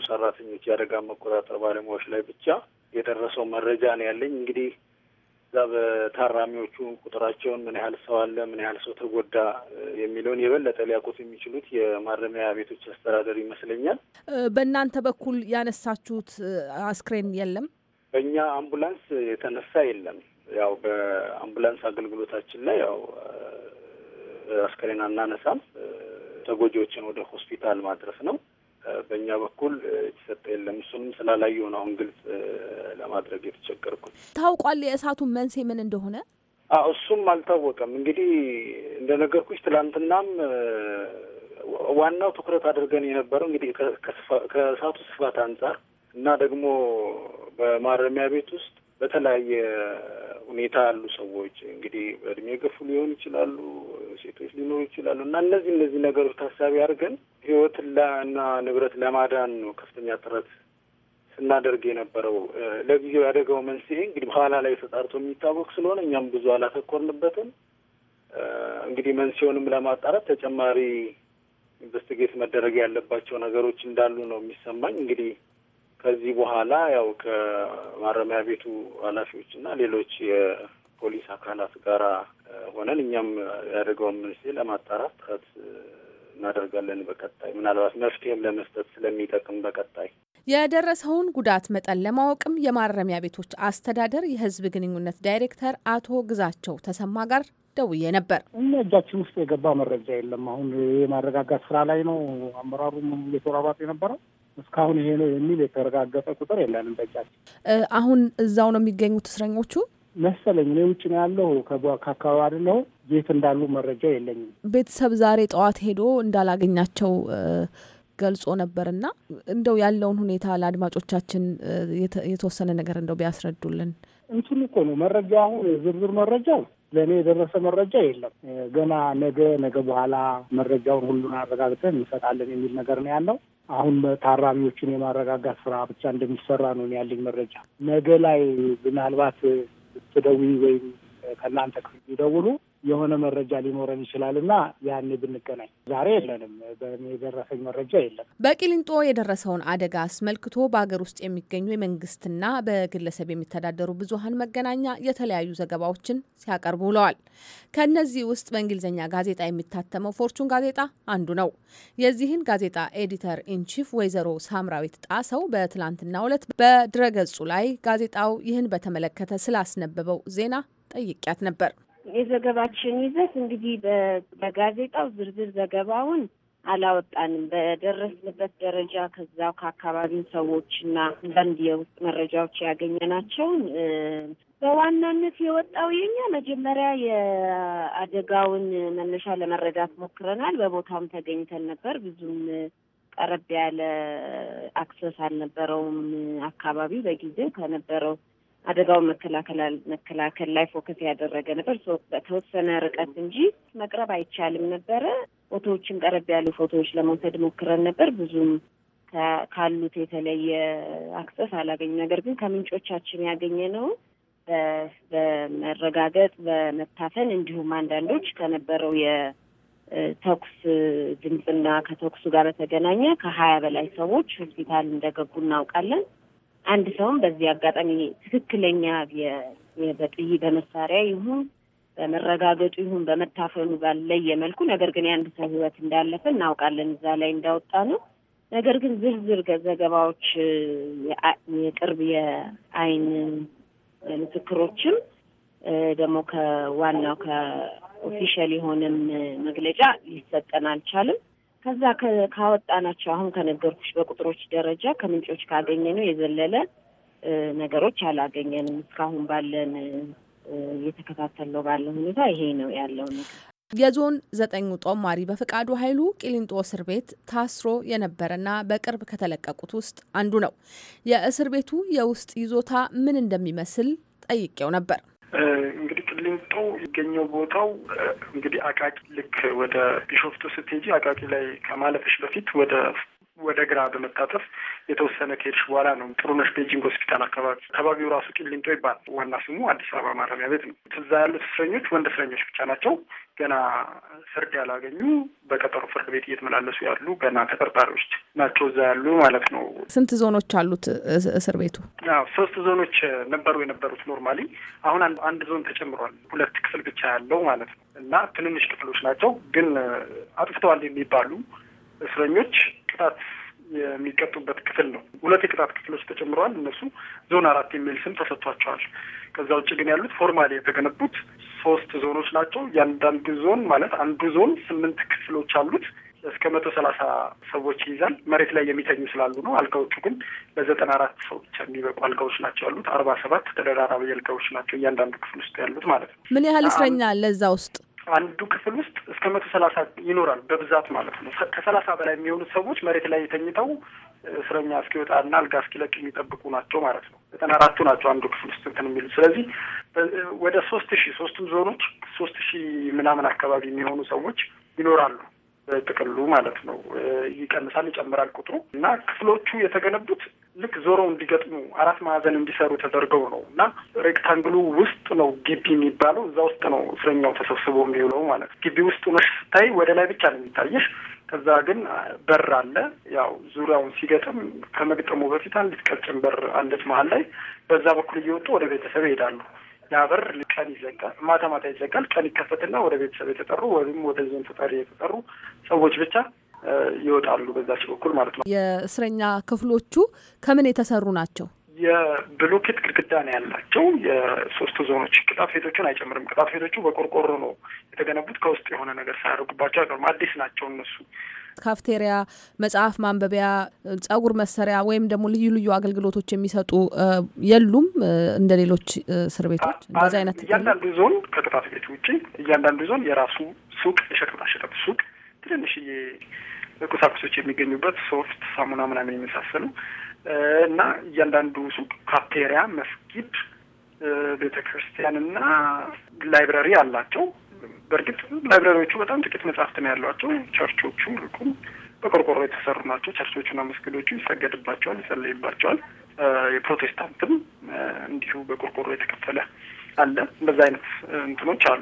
ሰራተኞች የአደጋ መቆጣጠር ባለሙያዎች ላይ ብቻ የደረሰው መረጃ ነው ያለኝ። እንግዲህ እዛ በታራሚዎቹ ቁጥራቸውን ምን ያህል ሰው አለ፣ ምን ያህል ሰው ተጎዳ የሚለውን የበለጠ ሊያውቁት የሚችሉት የማረሚያ ቤቶች አስተዳደር ይመስለኛል። በእናንተ በኩል ያነሳችሁት አስክሬን የለም? በእኛ አምቡላንስ የተነሳ የለም። ያው በአምቡላንስ አገልግሎታችን ላይ ያው አስክሬን አናነሳም። ተጎጂዎችን ወደ ሆስፒታል ማድረስ ነው። በእኛ በኩል የተሰጠ የለም። እሱንም ስላላየሁ ነው አሁን ግልጽ ለማድረግ የተቸገርኩት። ታውቋል የእሳቱን መንስኤ ምን እንደሆነ? እሱም አልታወቀም። እንግዲህ እንደነገርኩሽ ትላንትናም ዋናው ትኩረት አድርገን የነበረው እንግዲህ ከእሳቱ ስፋት አንጻር እና ደግሞ በማረሚያ ቤት ውስጥ በተለያየ ሁኔታ ያሉ ሰዎች እንግዲህ በእድሜ ገፉ ሊሆን ይችላሉ፣ ሴቶች ሊኖሩ ይችላሉ እና እነዚህ እነዚህ ነገሮች ታሳቢ አድርገን ህይወት እና ንብረት ለማዳን ነው ከፍተኛ ጥረት ስናደርግ የነበረው። ለጊዜው ያደገው መንስኤ እንግዲህ በኋላ ላይ ተጣርቶ የሚታወቅ ስለሆነ እኛም ብዙ አላተኮርንበትም። እንግዲህ መንስኤውንም ለማጣራት ተጨማሪ ኢንቨስቲጌት መደረግ ያለባቸው ነገሮች እንዳሉ ነው የሚሰማኝ እንግዲህ ከዚህ በኋላ ያው ከማረሚያ ቤቱ ኃላፊዎችና ሌሎች የፖሊስ አካላት ጋራ ሆነን እኛም ያደርገውን መንስኤ ለማጣራት ጥረት እናደርጋለን። በቀጣይ ምናልባት መፍትሄም ለመስጠት ስለሚጠቅም በቀጣይ የደረሰውን ጉዳት መጠን ለማወቅም የማረሚያ ቤቶች አስተዳደር የሕዝብ ግንኙነት ዳይሬክተር አቶ ግዛቸው ተሰማ ጋር ደውዬ ነበር። እኛ እጃችን ውስጥ የገባ መረጃ የለም። አሁን የማረጋጋት ስራ ላይ ነው አመራሩም እየተወራባጡ የነበረው እስካሁን ይሄ ነው የሚል የተረጋገጠ ቁጥር የለንም። በእጃችን አሁን እዛው ነው የሚገኙት እስረኞቹ መሰለኝ። እኔ ውጭ ነው ያለው ከአካባቢ አይደለሁም። የት እንዳሉ መረጃ የለኝም። ቤተሰብ ዛሬ ጠዋት ሄዶ እንዳላገኛቸው ገልጾ ነበርና እንደው ያለውን ሁኔታ ለአድማጮቻችን የተወሰነ ነገር እንደው ቢያስረዱልን። እንትን እኮ ነው መረጃ አሁን ዝርዝር መረጃው ለእኔ የደረሰ መረጃ የለም። ገና ነገ ነገ በኋላ መረጃውን ሁሉን አረጋግጠን እንሰጣለን የሚል ነገር ነው ያለው። አሁን ታራሚዎችን የማረጋጋት ስራ ብቻ እንደሚሰራ ነው ያለኝ መረጃ። ነገ ላይ ምናልባት ስደዊ ወይም ከእናንተ ክፍል ይደውሉ የሆነ መረጃ ሊኖረን ይችላል እና ያኔ ብንገናኝ። ዛሬ የለንም፣ የደረሰኝ መረጃ የለም። በቂሊንጦ የደረሰውን አደጋ አስመልክቶ በሀገር ውስጥ የሚገኙ የመንግስትና በግለሰብ የሚተዳደሩ ብዙሀን መገናኛ የተለያዩ ዘገባዎችን ሲያቀርቡ ውለዋል። ከእነዚህ ውስጥ በእንግሊዝኛ ጋዜጣ የሚታተመው ፎርቹን ጋዜጣ አንዱ ነው። የዚህን ጋዜጣ ኤዲተር ኢንቺፍ ወይዘሮ ሳምራዊት ጣሰው በትላንትናው ዕለት በድረገጹ ላይ ጋዜጣው ይህን በተመለከተ ስላስነበበው ዜና ጠይቂያት ነበር። የዘገባችን ይዘት እንግዲህ በጋዜጣው ዝርዝር ዘገባውን አላወጣንም። በደረስንበት ደረጃ ከዛው ከአካባቢው ሰዎች እና አንዳንድ የውስጥ መረጃዎች ያገኘናቸውን በዋናነት የወጣው የኛ መጀመሪያ የአደጋውን መነሻ ለመረዳት ሞክረናል። በቦታውም ተገኝተን ነበር። ብዙም ቀረብ ያለ አክሰስ አልነበረውም አካባቢው በጊዜው ከነበረው አደጋውን መከላከል ላይ ፎከስ ያደረገ ነበር። በተወሰነ ርቀት እንጂ መቅረብ አይቻልም ነበረ። ፎቶዎችን ቀረብ ያሉ ፎቶዎች ለመውሰድ ሞክረን ነበር። ብዙም ካሉት የተለየ አክሰስ አላገኝ። ነገር ግን ከምንጮቻችን ያገኘ ነው በመረጋገጥ በመታፈን እንዲሁም አንዳንዶች ከነበረው የተኩስ ድምፅና ከተኩሱ ጋር በተገናኘ ከሀያ በላይ ሰዎች ሆስፒታል እንደገቡ እናውቃለን። አንድ ሰውም በዚህ አጋጣሚ ትክክለኛ በጥይ በመሳሪያ ይሁን በመረጋገጡ ይሁን በመታፈኑ ባለየ መልኩ ነገር ግን የአንድ ሰው ህይወት እንዳለፈ እናውቃለን። እዛ ላይ እንዳወጣ ነው። ነገር ግን ዝርዝር ዘገባዎች የቅርብ የአይን ምስክሮችም ደግሞ ከዋናው ከኦፊሻል የሆነም መግለጫ ሊሰጠን አልቻልም። ከዛ ካወጣናቸው አሁን ከነገርኩሽ በቁጥሮች ደረጃ ከምንጮች ነው የዘለለ ነገሮች አላገኘንም። እስካሁን ባለን እየተከታተለው ባለ ሁኔታ ይሄ ነው ያለው ነገር። የዞን ዘጠኙ ጦማሪ በፈቃዱ ኃይሉ ቂሊንጦ እስር ቤት ታስሮ የነበረና በቅርብ ከተለቀቁት ውስጥ አንዱ ነው። የእስር ቤቱ የውስጥ ይዞታ ምን እንደሚመስል ጠይቄው ነበር። ቂሊንጦ ይገኘው ቦታው እንግዲህ አቃቂ ልክ ወደ ቢሾፍቱ ስትሄጂ አቃቂ ላይ ከማለፈሽ በፊት ወደ ወደ ግራ በመታጠፍ የተወሰነ ከሄድሽ በኋላ ነው ጥሩነሽ ቤጂንግ ሆስፒታል አካባቢ። አካባቢው ራሱ ቂሊንጦ ይባላል። ዋና ስሙ አዲስ አበባ ማረሚያ ቤት ነው። እዛ ያሉት እስረኞች ወንድ እስረኞች ብቻ ናቸው። ገና ፍርድ ያላገኙ በቀጠሮ ፍርድ ቤት እየተመላለሱ ያሉ ገና ተጠርጣሪዎች ናቸው እዛ ያሉ ማለት ነው። ስንት ዞኖች አሉት እስር ቤቱ? ሶስት ዞኖች ነበሩ የነበሩት ኖርማሊ። አሁን አንድ ዞን ተጨምሯል። ሁለት ክፍል ብቻ ያለው ማለት ነው። እና ትንንሽ ክፍሎች ናቸው ግን አጥፍተዋል የሚባሉ እስረኞች ቅጣት የሚቀጡበት ክፍል ነው። ሁለት የቅጣት ክፍሎች ተጨምረዋል። እነሱ ዞን አራት የሚል ስም ተሰጥቷቸዋል። ከዛ ውጭ ግን ያሉት ፎርማሊ የተገነቡት ሶስት ዞኖች ናቸው። የአንዳንድ ዞን ማለት አንዱ ዞን ስምንት ክፍሎች አሉት። እስከ መቶ ሰላሳ ሰዎች ይይዛል። መሬት ላይ የሚተኙ ስላሉ ነው። አልጋዎቹ ግን ለዘጠና አራት ሰው ብቻ የሚበቁ አልጋዎች ናቸው ያሉት። አርባ ሰባት ተደራራቢ አልጋዎች ናቸው እያንዳንዱ ክፍል ውስጥ ያሉት ማለት ነው። ምን ያህል እስረኛ አለ እዛ ውስጥ? አንዱ ክፍል ውስጥ እስከ መቶ ሰላሳ ይኖራል በብዛት ማለት ነው። ከሰላሳ በላይ የሚሆኑት ሰዎች መሬት ላይ የተኝተው እስረኛ እስኪወጣ እስኪወጣና አልጋ እስኪለቅ የሚጠብቁ ናቸው ማለት ነው። ዘጠና አራቱ ናቸው አንዱ ክፍል ውስጥ እንትን የሚሉት። ስለዚህ ወደ ሶስት ሺህ ሶስቱም ዞኖች ሶስት ሺህ ምናምን አካባቢ የሚሆኑ ሰዎች ይኖራሉ። ጥቅሉ ማለት ነው። ይቀንሳል፣ ይጨምራል ቁጥሩ እና ክፍሎቹ የተገነቡት ልክ ዞሮ እንዲገጥሙ አራት ማዕዘን እንዲሰሩ ተደርገው ነው እና ሬክታንግሉ ውስጥ ነው ግቢ የሚባለው እዛ ውስጥ ነው እስረኛው ተሰብስቦ የሚውለው ማለት ነው። ግቢ ውስጥ ሆነሽ ስታይ ወደ ላይ ብቻ ነው የሚታየሽ። ከዛ ግን በር አለ። ያው ዙሪያውን ሲገጥም ከመግጠሙ በፊት አንዲት ቀጭን በር አለች መሀል ላይ። በዛ በኩል እየወጡ ወደ ቤተሰብ ይሄዳሉ። ያ በር ቀን ይዘጋል፣ ማታ ማታ ይዘጋል። ቀን ይከፈትና ወደ ቤተሰብ የተጠሩ ወይም ወደ ዞን ተጠሪ የተጠሩ ሰዎች ብቻ ይወጣሉ። በዛች በኩል ማለት ነው። የእስረኛ ክፍሎቹ ከምን የተሰሩ ናቸው? የብሎኬት ግድግዳ ነው ያላቸው። የሶስቱ ዞኖች ቅጣት ቤቶቹን አይጨምርም። ቅጣት ቤቶቹ በቆርቆሮ ነው የተገነቡት። ከውስጥ የሆነ ነገር ሳያደርጉባቸው አይቀሩም። አዲስ ናቸው እነሱ ካፍቴሪያ፣ መጽሐፍ ማንበቢያ፣ ጸጉር መሰሪያ ወይም ደግሞ ልዩ ልዩ አገልግሎቶች የሚሰጡ የሉም እንደ ሌሎች እስር ቤቶች እንደዚ አይነት። እያንዳንዱ ዞን ከቅጣት ቤት ውጭ እያንዳንዱ ዞን የራሱ ሱቅ፣ የሸቀጣሸቀጥ ሱቅ፣ ትንንሽዬ ቁሳቁሶች የሚገኙበት ሶፍት፣ ሳሙና ምናምን የመሳሰሉ እና እያንዳንዱ ሱቅ ካፍቴሪያ፣ መስጊድ፣ ቤተ ክርስቲያን እና ላይብረሪ አላቸው። በእርግጥ ላይብራሪዎቹ በጣም ጥቂት መጽሐፍት ነው ያሏቸው። ቸርቾቹ ልኩም በቆርቆሮ የተሰሩ ናቸው። ቸርቾቹና መስገዶቹ ይሰገድባቸዋል፣ ይጸለይባቸዋል። የፕሮቴስታንትም እንዲሁ በቆርቆሮ የተከፈለ አለ። በዛ አይነት እንትኖች አሉ።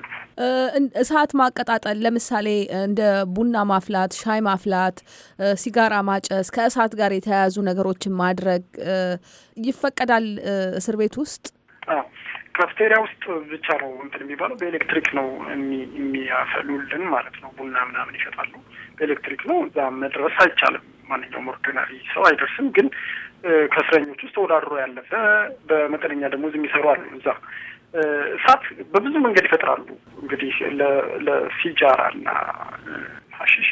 እሳት ማቀጣጠል ለምሳሌ እንደ ቡና ማፍላት፣ ሻይ ማፍላት፣ ሲጋራ ማጨስ፣ ከእሳት ጋር የተያያዙ ነገሮችን ማድረግ ይፈቀዳል እስር ቤት ውስጥ ካፍቴሪያ ውስጥ ብቻ ነው እንትን የሚባለው በኤሌክትሪክ ነው የሚያፈሉልን ማለት ነው። ቡና ምናምን ይሸጣሉ በኤሌክትሪክ ነው። እዛ መድረስ አይቻልም። ማንኛውም ኦርዲናሪ ሰው አይደርስም። ግን ከእስረኞች ውስጥ ተወዳድሮ ያለፈ በመጠነኛ ደሞዝ የሚሰሩ አሉ። እዛ እሳት በብዙ መንገድ ይፈጥራሉ። እንግዲህ ለሲጃራ እና ሀሽሽ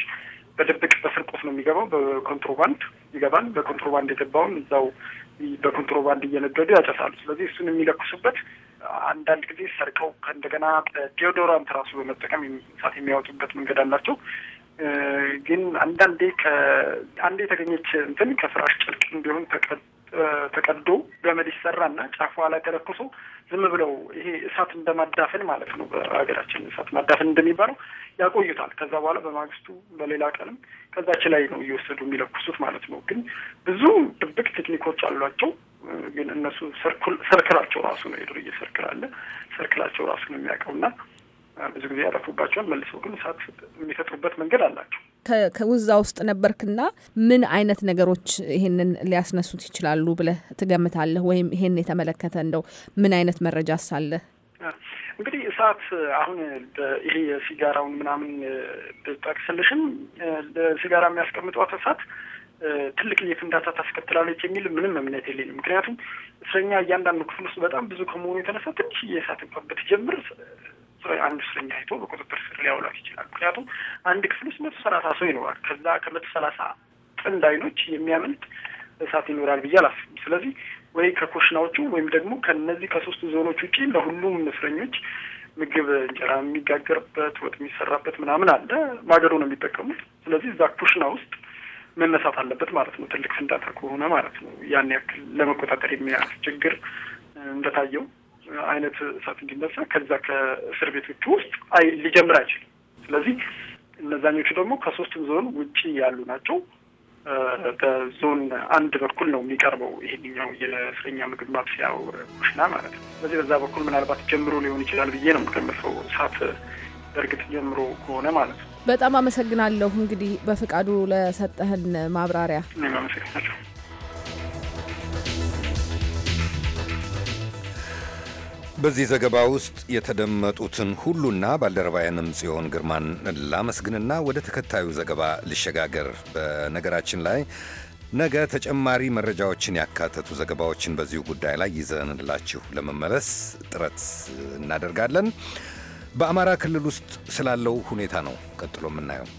በድብቅ በስርቆት ነው የሚገባው። በኮንትሮባንድ ይገባል። በኮንትሮባንድ የገባውን እዛው በኮንትሮባንድ እየነገዱ ያጨሳሉ። ስለዚህ እሱን የሚለኩሱበት አንዳንድ ጊዜ ሰርቀው እንደገና ዲዮዶራንት ራሱ በመጠቀም እሳት የሚያወጡበት መንገድ አላቸው። ግን አንዳንዴ አንድ የተገኘች እንትን ከፍራሽ ጨርቅ እንዲሆን ተቀዶ ገመድ ይሰራና ጫፉ ላይ ተለኩሶ ዝም ብለው ይሄ እሳት እንደማዳፈን ማለት ነው። በሀገራችን እሳት ማዳፈን እንደሚባለው ያቆዩታል። ከዛ በኋላ በማግስቱ በሌላ ቀንም ከዛች ላይ ነው እየወሰዱ የሚለኩሱት ማለት ነው። ግን ብዙ ድብቅ ቴክኒኮች አሏቸው። ግን እነሱ ሰርክላቸው ራሱ ነው የድርጅት ሰርክል አለ። ሰርክላቸው ራሱ ነው የሚያውቀውና ብዙ ጊዜ ያረፉባቸውን መልሰው ግን እሳት የሚፈጥሩበት መንገድ አላቸው። ከውዛ ውስጥ ነበርክና ምን አይነት ነገሮች ይሄንን ሊያስነሱት ይችላሉ ብለህ ትገምታለህ? ወይም ይሄን የተመለከተ እንደው ምን አይነት መረጃ ሳለህ? እንግዲህ እሳት አሁን ይሄ የሲጋራውን ምናምን ብጠቅስልሽም ሲጋራ የሚያስቀምጧት እሳት ትልቅ የፍንዳታ ታስከትላለች የሚል ምንም እምነት የለኝም። ምክንያቱም እስረኛ እያንዳንዱ ክፍል ውስጥ በጣም ብዙ ከመሆኑ የተነሳ ትንሽ የእሳት እንኳን ብትጀምር አንድ እስረኛ አይቶ በቁጥጥር ስር ሊያውላት ይችላል። ምክንያቱም አንድ ክፍል ውስጥ መቶ ሰላሳ ሰው ይኖራል። ከዛ ከመቶ ሰላሳ ጥንድ አይኖች የሚያመልጥ እሳት ይኖራል ብዬ አላስብም። ስለዚህ ወይ ከኮሽናዎቹ ወይም ደግሞ ከነዚህ ከሶስቱ ዞኖች ውጪ ለሁሉም እስረኞች ምግብ እንጀራ የሚጋገርበት ወጥ የሚሰራበት ምናምን አለ። ማገሩ ነው የሚጠቀሙት። ስለዚህ እዛ ኩሽና ውስጥ መነሳት አለበት ማለት ነው። ትልቅ ፍንዳታ ከሆነ ማለት ነው። ያን ያክል ለመቆጣጠር የሚያስቸግር እንደታየው አይነት እሳት እንዲነሳ ከዛ ከእስር ቤቶቹ ውስጥ አይ ሊጀምር አይችልም። ስለዚህ እነዛኞቹ ደግሞ ከሶስቱም ዞን ውጭ ያሉ ናቸው። በዞን አንድ በኩል ነው የሚቀርበው ይሄኛው የእስረኛ ምግብ ማብሰያው ኩሽና ማለት ነው። ስለዚህ በዛ በኩል ምናልባት ጀምሮ ሊሆን ይችላል ብዬ ነው የምገምተው እሳት በእርግጥ ጀምሮ ከሆነ ማለት ነው። በጣም አመሰግናለሁ እንግዲህ በፍቃዱ ለሰጠህን ማብራሪያ። እኔም አመሰግናለሁ። በዚህ ዘገባ ውስጥ የተደመጡትን ሁሉና ባልደረባዬንም ጽዮን ግርማን ላመስግንና ወደ ተከታዩ ዘገባ ልሸጋገር። በነገራችን ላይ ነገ ተጨማሪ መረጃዎችን ያካተቱ ዘገባዎችን በዚሁ ጉዳይ ላይ ይዘንላችሁ ለመመለስ ጥረት እናደርጋለን። በአማራ ክልል ውስጥ ስላለው ሁኔታ ነው ቀጥሎ የምናየው።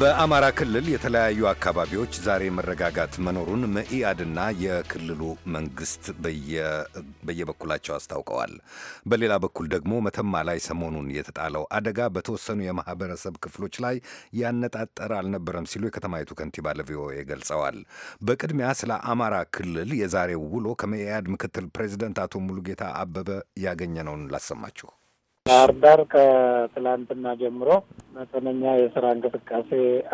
በአማራ ክልል የተለያዩ አካባቢዎች ዛሬ መረጋጋት መኖሩን መኢአድና የክልሉ መንግስት በየበኩላቸው አስታውቀዋል። በሌላ በኩል ደግሞ መተማ ላይ ሰሞኑን የተጣለው አደጋ በተወሰኑ የማህበረሰብ ክፍሎች ላይ ያነጣጠረ አልነበረም ሲሉ የከተማይቱ ከንቲባ ለቪኦኤ ገልጸዋል። በቅድሚያ ስለ አማራ ክልል የዛሬው ውሎ ከመኢአድ ምክትል ፕሬዚደንት አቶ ሙሉጌታ አበበ ያገኘነውን ላሰማችሁ። ባህር ዳር ከትላንትና ጀምሮ መጠነኛ የስራ እንቅስቃሴ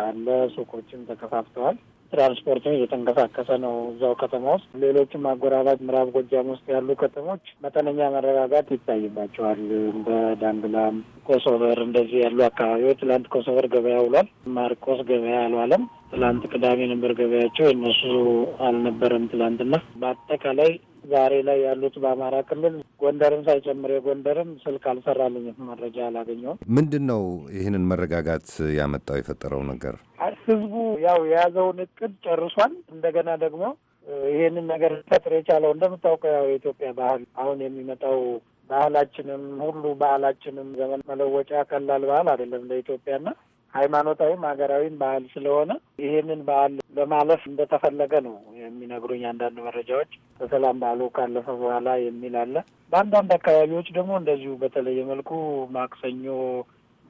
አለ። ሱቆችም ተከፋፍተዋል። ትራንስፖርትም እየተንቀሳቀሰ ነው እዛው ከተማ ውስጥ። ሌሎችም አጎራባች ምዕራብ ጎጃም ውስጥ ያሉ ከተሞች መጠነኛ መረጋጋት ይታይባቸዋል። እንደ ዳንግላም፣ ኮሶቨር እንደዚህ ያሉ አካባቢዎች ትላንት ኮሶቨር ገበያ ውሏል። ማርቆስ ገበያ አልዋለም። ትላንት ቅዳሜ ነበር ገበያቸው፣ የነሱ አልነበረም። ትላንትና በአጠቃላይ ዛሬ ላይ ያሉት በአማራ ክልል ጎንደርን ሳይጨምር የጎንደርን ስልክ አልሰራልኝም፣ መረጃ አላገኘውም። ምንድን ነው ይህንን መረጋጋት ያመጣው የፈጠረው ነገር? ህዝቡ ያው የያዘውን እቅድ ጨርሷል። እንደገና ደግሞ ይህንን ነገር ፈጥር የቻለው እንደምታውቀው ያው የኢትዮጵያ ባህል አሁን የሚመጣው ባህላችንም ሁሉ ባህላችንም ዘመን መለወጫ ቀላል ባህል አይደለም ለኢትዮጵያና ሃይማኖታዊም ሀገራዊም ባህል ስለሆነ ይሄንን በዓል ለማለፍ እንደተፈለገ ነው የሚነግሩኝ አንዳንድ መረጃዎች። በሰላም በዓሉ ካለፈ በኋላ የሚል አለ። በአንዳንድ አካባቢዎች ደግሞ እንደዚሁ በተለየ መልኩ ማክሰኞ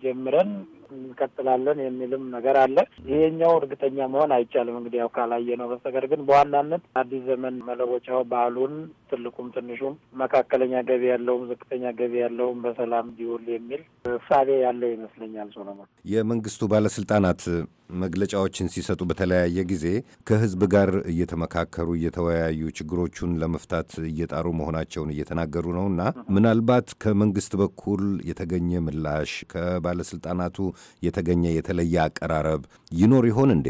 ጀምረን እንቀጥላለን የሚልም ነገር አለ። ይሄኛው እርግጠኛ መሆን አይቻልም እንግዲህ ያው ካላየ ነው በስተቀር ግን በዋናነት አዲስ ዘመን መለወጫው በዓሉን ትልቁም ትንሹም መካከለኛ ገቢ ያለውም ዝቅተኛ ገቢ ያለውም በሰላም ቢውል የሚል እሳቤ ያለው ይመስለኛል። ሶሎሞን የመንግስቱ ባለስልጣናት መግለጫዎችን ሲሰጡ በተለያየ ጊዜ ከህዝብ ጋር እየተመካከሩ እየተወያዩ ችግሮቹን ለመፍታት እየጣሩ መሆናቸውን እየተናገሩ ነው እና ምናልባት ከመንግስት በኩል የተገኘ ምላሽ ከባለስልጣናቱ የተገኘ የተለየ አቀራረብ ይኖር ይሆን እንዴ?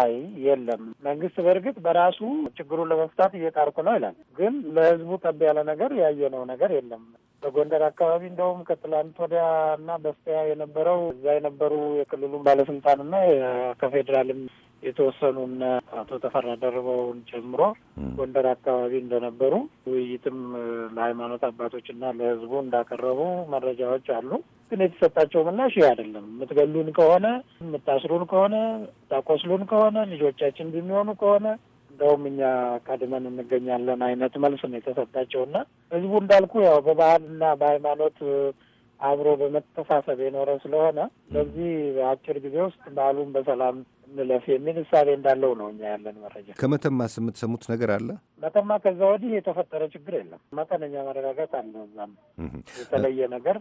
አይ የለም። መንግስት በእርግጥ በራሱ ችግሩን ለመፍታት እየጣርኩ ነው ይላል፣ ግን ለህዝቡ ጠብ ያለ ነገር ያየነው ነገር የለም። በጎንደር አካባቢ እንደውም ከትላንት ወዲያ እና በስቲያ የነበረው እዛ የነበሩ የክልሉን ባለስልጣንና ከፌዴራልም የተወሰኑና አቶ ተፈራ ደርበውን ጨምሮ ጎንደር አካባቢ እንደነበሩ ውይይትም ለሃይማኖት አባቶችና ለህዝቡ እንዳቀረቡ መረጃዎች አሉ። ግን የተሰጣቸው ምላሽ ይህ አይደለም። የምትገሉን ከሆነ የምታስሩን ከሆነ ታቆስሉን ከሆነ ልጆቻችን የሚሆኑ ከሆነ እንደውም እኛ ቀድመን እንገኛለን አይነት መልስ ነው የተሰጣቸው እና ህዝቡ እንዳልኩ ያው በባህልና በሃይማኖት አብሮ በመተሳሰብ የኖረ ስለሆነ በዚህ አጭር ጊዜ ውስጥ በዓሉን በሰላም እንለፍ የሚል እሳቤ እንዳለው ነው እኛ ያለን መረጃ። ከመተማ የምትሰሙት ነገር አለ? መተማ ከዛ ወዲህ የተፈጠረ ችግር የለም። መጠነኛ መረጋጋት አለ። እዛም የተለየ ነገር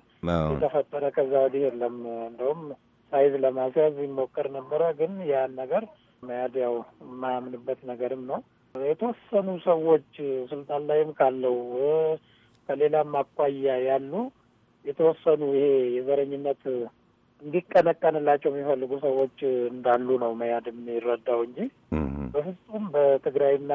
የተፈጠረ ከዛ ወዲህ የለም። እንደውም ሳይዝ ለማስያዝ ይሞከር ነበረ፣ ግን ያን ነገር መያድ ያው የማያምንበት ነገርም ነው። የተወሰኑ ሰዎች ስልጣን ላይም ካለው ከሌላም አኳያ ያሉ የተወሰኑ ይሄ የዘረኝነት እንዲቀነቀንላቸው የሚፈልጉ ሰዎች እንዳሉ ነው መያድ የሚረዳው እንጂ በፍጹም በትግራይና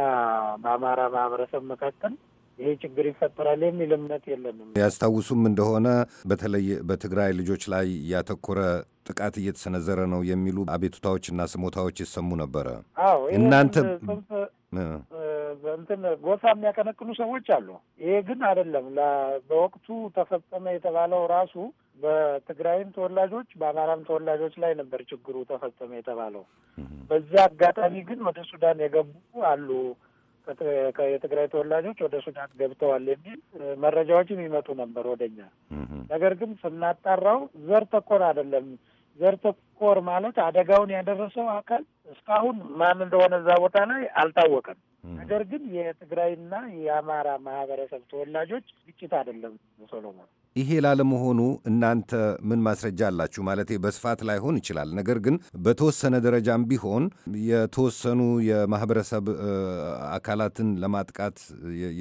በአማራ ማህበረሰብ መካከል ይሄ ችግር ይፈጠራል የሚል እምነት የለንም። ያስታውሱም እንደሆነ በተለይ በትግራይ ልጆች ላይ ያተኮረ ጥቃት እየተሰነዘረ ነው የሚሉ አቤቱታዎችና ስሞታዎች ይሰሙ ነበረ። አዎ እናንተ እንትን ጎሳ የሚያቀነቅኑ ሰዎች አሉ። ይሄ ግን አይደለም። በወቅቱ ተፈጸመ የተባለው ራሱ በትግራይም ተወላጆች በአማራም ተወላጆች ላይ ነበር ችግሩ ተፈጸመ የተባለው። በዛ አጋጣሚ ግን ወደ ሱዳን የገቡ አሉ፣ የትግራይ ተወላጆች ወደ ሱዳን ገብተዋል የሚል መረጃዎችም ይመጡ ነበር ወደኛ። ነገር ግን ስናጣራው ዘር ተኮር አይደለም። ዘር ተኮር ማለት አደጋውን ያደረሰው አካል እስካሁን ማን እንደሆነ እዛ ቦታ ላይ አልታወቀም። ነገር ግን የትግራይና የአማራ ማህበረሰብ ተወላጆች ግጭት አይደለም ሶሎሞን። ይሄ ላለመሆኑ እናንተ ምን ማስረጃ አላችሁ? ማለቴ በስፋት ላይሆን ይችላል፣ ነገር ግን በተወሰነ ደረጃም ቢሆን የተወሰኑ የማህበረሰብ አካላትን ለማጥቃት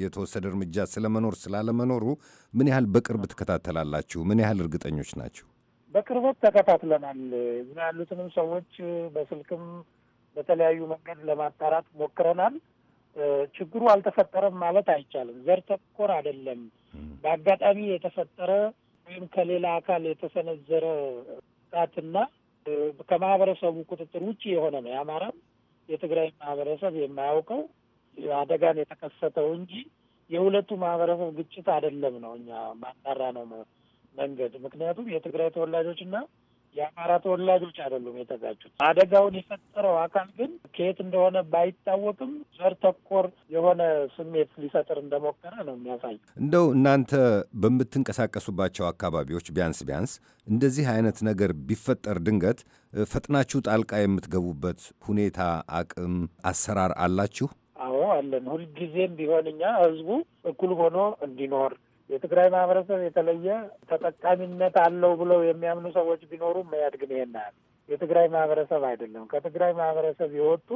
የተወሰደ እርምጃ ስለመኖር ስላለመኖሩ ምን ያህል በቅርብ ትከታተላላችሁ? ምን ያህል እርግጠኞች ናችሁ? በቅርበት ተከታትለናል። እኛ ያሉትንም ሰዎች በስልክም በተለያዩ መንገድ ለማጣራት ሞክረናል። ችግሩ አልተፈጠረም ማለት አይቻልም። ዘር ተኮር አይደለም። በአጋጣሚ የተፈጠረ ወይም ከሌላ አካል የተሰነዘረ ጥቃትና ከማህበረሰቡ ቁጥጥር ውጭ የሆነ ነው። የአማራም የትግራይ ማህበረሰብ የማያውቀው አደጋን የተከሰተው እንጂ የሁለቱ ማህበረሰብ ግጭት አይደለም ነው እኛ ማጣራ ነው መንገድ ምክንያቱም የትግራይ ተወላጆች እና የአማራ ተወላጆች አይደሉም የተጋጩት። አደጋውን የፈጠረው አካል ግን ከየት እንደሆነ ባይታወቅም ዘር ተኮር የሆነ ስሜት ሊፈጥር እንደሞከረ ነው የሚያሳይ። እንደው እናንተ በምትንቀሳቀሱባቸው አካባቢዎች ቢያንስ ቢያንስ እንደዚህ አይነት ነገር ቢፈጠር ድንገት ፈጥናችሁ ጣልቃ የምትገቡበት ሁኔታ፣ አቅም፣ አሰራር አላችሁ? አዎ አለን። ሁልጊዜም ቢሆን እኛ ህዝቡ እኩል ሆኖ እንዲኖር የትግራይ ማህበረሰብ የተለየ ተጠቃሚነት አለው ብለው የሚያምኑ ሰዎች ቢኖሩም ያድግን ይሄናል የትግራይ ማህበረሰብ አይደለም። ከትግራይ ማህበረሰብ የወጡ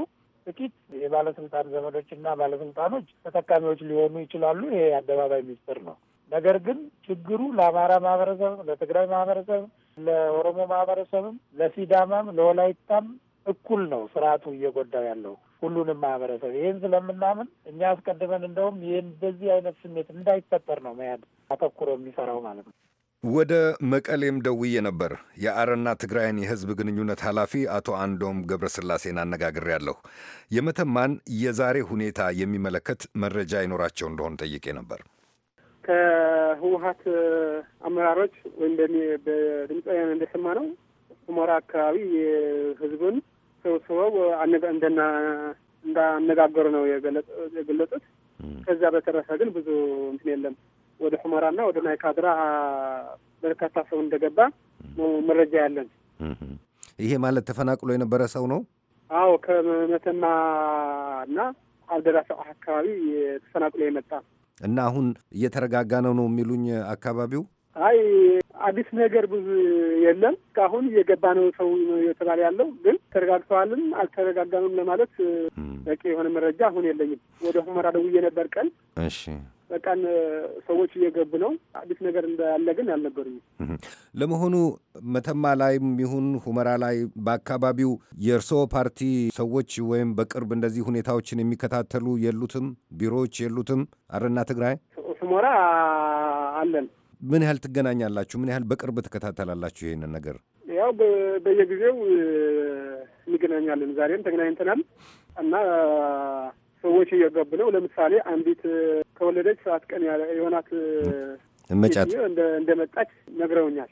ጥቂት የባለስልጣን ዘመዶች እና ባለስልጣኖች ተጠቃሚዎች ሊሆኑ ይችላሉ። ይሄ የአደባባይ ሚኒስትር ነው። ነገር ግን ችግሩ ለአማራ ማህበረሰብ፣ ለትግራይ ማህበረሰብ፣ ለኦሮሞ ማህበረሰብም፣ ለሲዳማም፣ ለወላይታም እኩል ነው። ስርዓቱ እየጎዳው ያለው ሁሉንም ማህበረሰብ ይህን ስለምናምን እኛ አስቀድመን እንደውም ይህን በዚህ አይነት ስሜት እንዳይፈጠር ነው መያድ አተኩሮ የሚሰራው ማለት ነው። ወደ መቀሌም ደውዬ ነበር። የአረና ትግራይን የህዝብ ግንኙነት ኃላፊ አቶ አንዶም ገብረስላሴን አነጋግሬያለሁ። የመተማን የዛሬ ሁኔታ የሚመለከት መረጃ ይኖራቸው እንደሆን ጠይቄ ነበር። ከህወሀት አመራሮች ወይም በድምፃውያን እንደሰማ ነው ሁመራ አካባቢ የህዝቡን ሰብስበው እንደና እንዳነጋገሩ ነው የገለጡት ከዛ በተረፈ ግን ብዙ እንትን የለም። ወደ ሑመራና ወደ ማይካድራ በርካታ ሰው እንደገባ መረጃ ያለን። ይሄ ማለት ተፈናቅሎ የነበረ ሰው ነው። አዎ እና አብደራሰው አካባቢ ተፈናቅሎ የመጣ እና አሁን እየተረጋጋ ነው ነው የሚሉኝ አካባቢው አይ አዲስ ነገር ብዙ የለም። እስካሁን እየገባ ነው ሰው የተባለ ያለው ግን ተረጋግተዋልም አልተረጋጋምም ለማለት በቂ የሆነ መረጃ አሁን የለኝም። ወደ ሁመራ ደውዬ ነበር ቀን። እሺ በቃን ሰዎች እየገቡ ነው። አዲስ ነገር እንዳለ ግን አልነበሩኝ። ለመሆኑ መተማ ላይም ይሁን ሁመራ ላይ በአካባቢው የእርስዎ ፓርቲ ሰዎች ወይም በቅርብ እንደዚህ ሁኔታዎችን የሚከታተሉ የሉትም? ቢሮዎች የሉትም? አረና ትግራይ ሁመራ አለን ምን ያህል ትገናኛላችሁ? ምን ያህል በቅርብ ትከታተላላችሁ ይሄንን ነገር? ያው በየጊዜው እንገናኛለን። ዛሬም ተገናኝተናል እና ሰዎች እየገቡ ነው። ለምሳሌ አንዲት ከወለደች ሰዓት ቀን የሆናት መጫት እንደመጣች ነግረውኛል።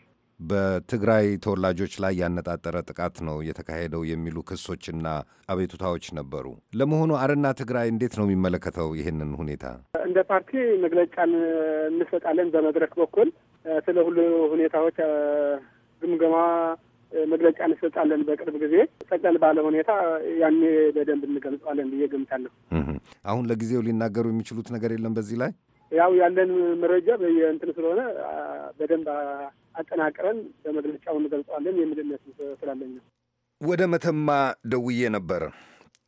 በትግራይ ተወላጆች ላይ ያነጣጠረ ጥቃት ነው የተካሄደው የሚሉ ክሶችና አቤቱታዎች ነበሩ። ለመሆኑ አረና ትግራይ እንዴት ነው የሚመለከተው ይህንን ሁኔታ? እንደ ፓርቲ መግለጫን እንሰጣለን። በመድረክ በኩል ስለ ሁሉ ሁኔታዎች ግምገማ መግለጫ እንሰጣለን። በቅርብ ጊዜ ጠቅለል ባለ ሁኔታ ያኔ በደንብ እንገልጸዋለን ብዬ ገምታለሁ። አሁን ለጊዜው ሊናገሩ የሚችሉት ነገር የለም በዚህ ላይ ያው ያለን መረጃ በየእንትን ስለሆነ በደንብ አጠናቅረን በመግለጫው እንገልጸዋለን የሚል ስላለኝ ነው። ወደ መተማ ደውዬ ነበር።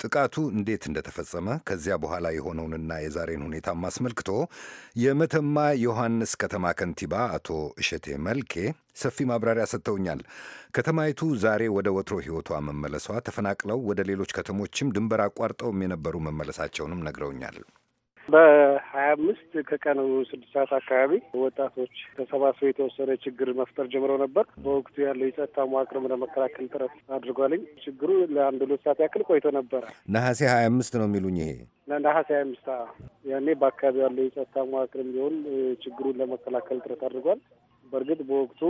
ጥቃቱ እንዴት እንደተፈጸመ ከዚያ በኋላ የሆነውንና የዛሬን ሁኔታ አስመልክቶ የመተማ ዮሐንስ ከተማ ከንቲባ አቶ እሸቴ መልኬ ሰፊ ማብራሪያ ሰጥተውኛል። ከተማይቱ ዛሬ ወደ ወትሮ ሕይወቷ መመለሷ፣ ተፈናቅለው ወደ ሌሎች ከተሞችም ድንበር አቋርጠውም የነበሩ መመለሳቸውንም ነግረውኛል። በሀያ አምስት ከቀኑ ስድስት ሰዓት አካባቢ ወጣቶች ተሰባስበው የተወሰነ ችግር መፍጠር ጀምረው ነበር። በወቅቱ ያለው የጸጥታ መዋቅርም ለመከላከል ጥረት አድርጓልኝ። ችግሩ ለአንድ ሁለት ሰዓት ያክል ቆይቶ ነበረ። ነሐሴ ሀያ አምስት ነው የሚሉኝ ይሄ ነሐሴ ሀያ አምስት ያኔ በአካባቢ ያለው የጸጥታ መዋቅርም ቢሆን ችግሩን ለመከላከል ጥረት አድርጓል። በእርግጥ በወቅቱ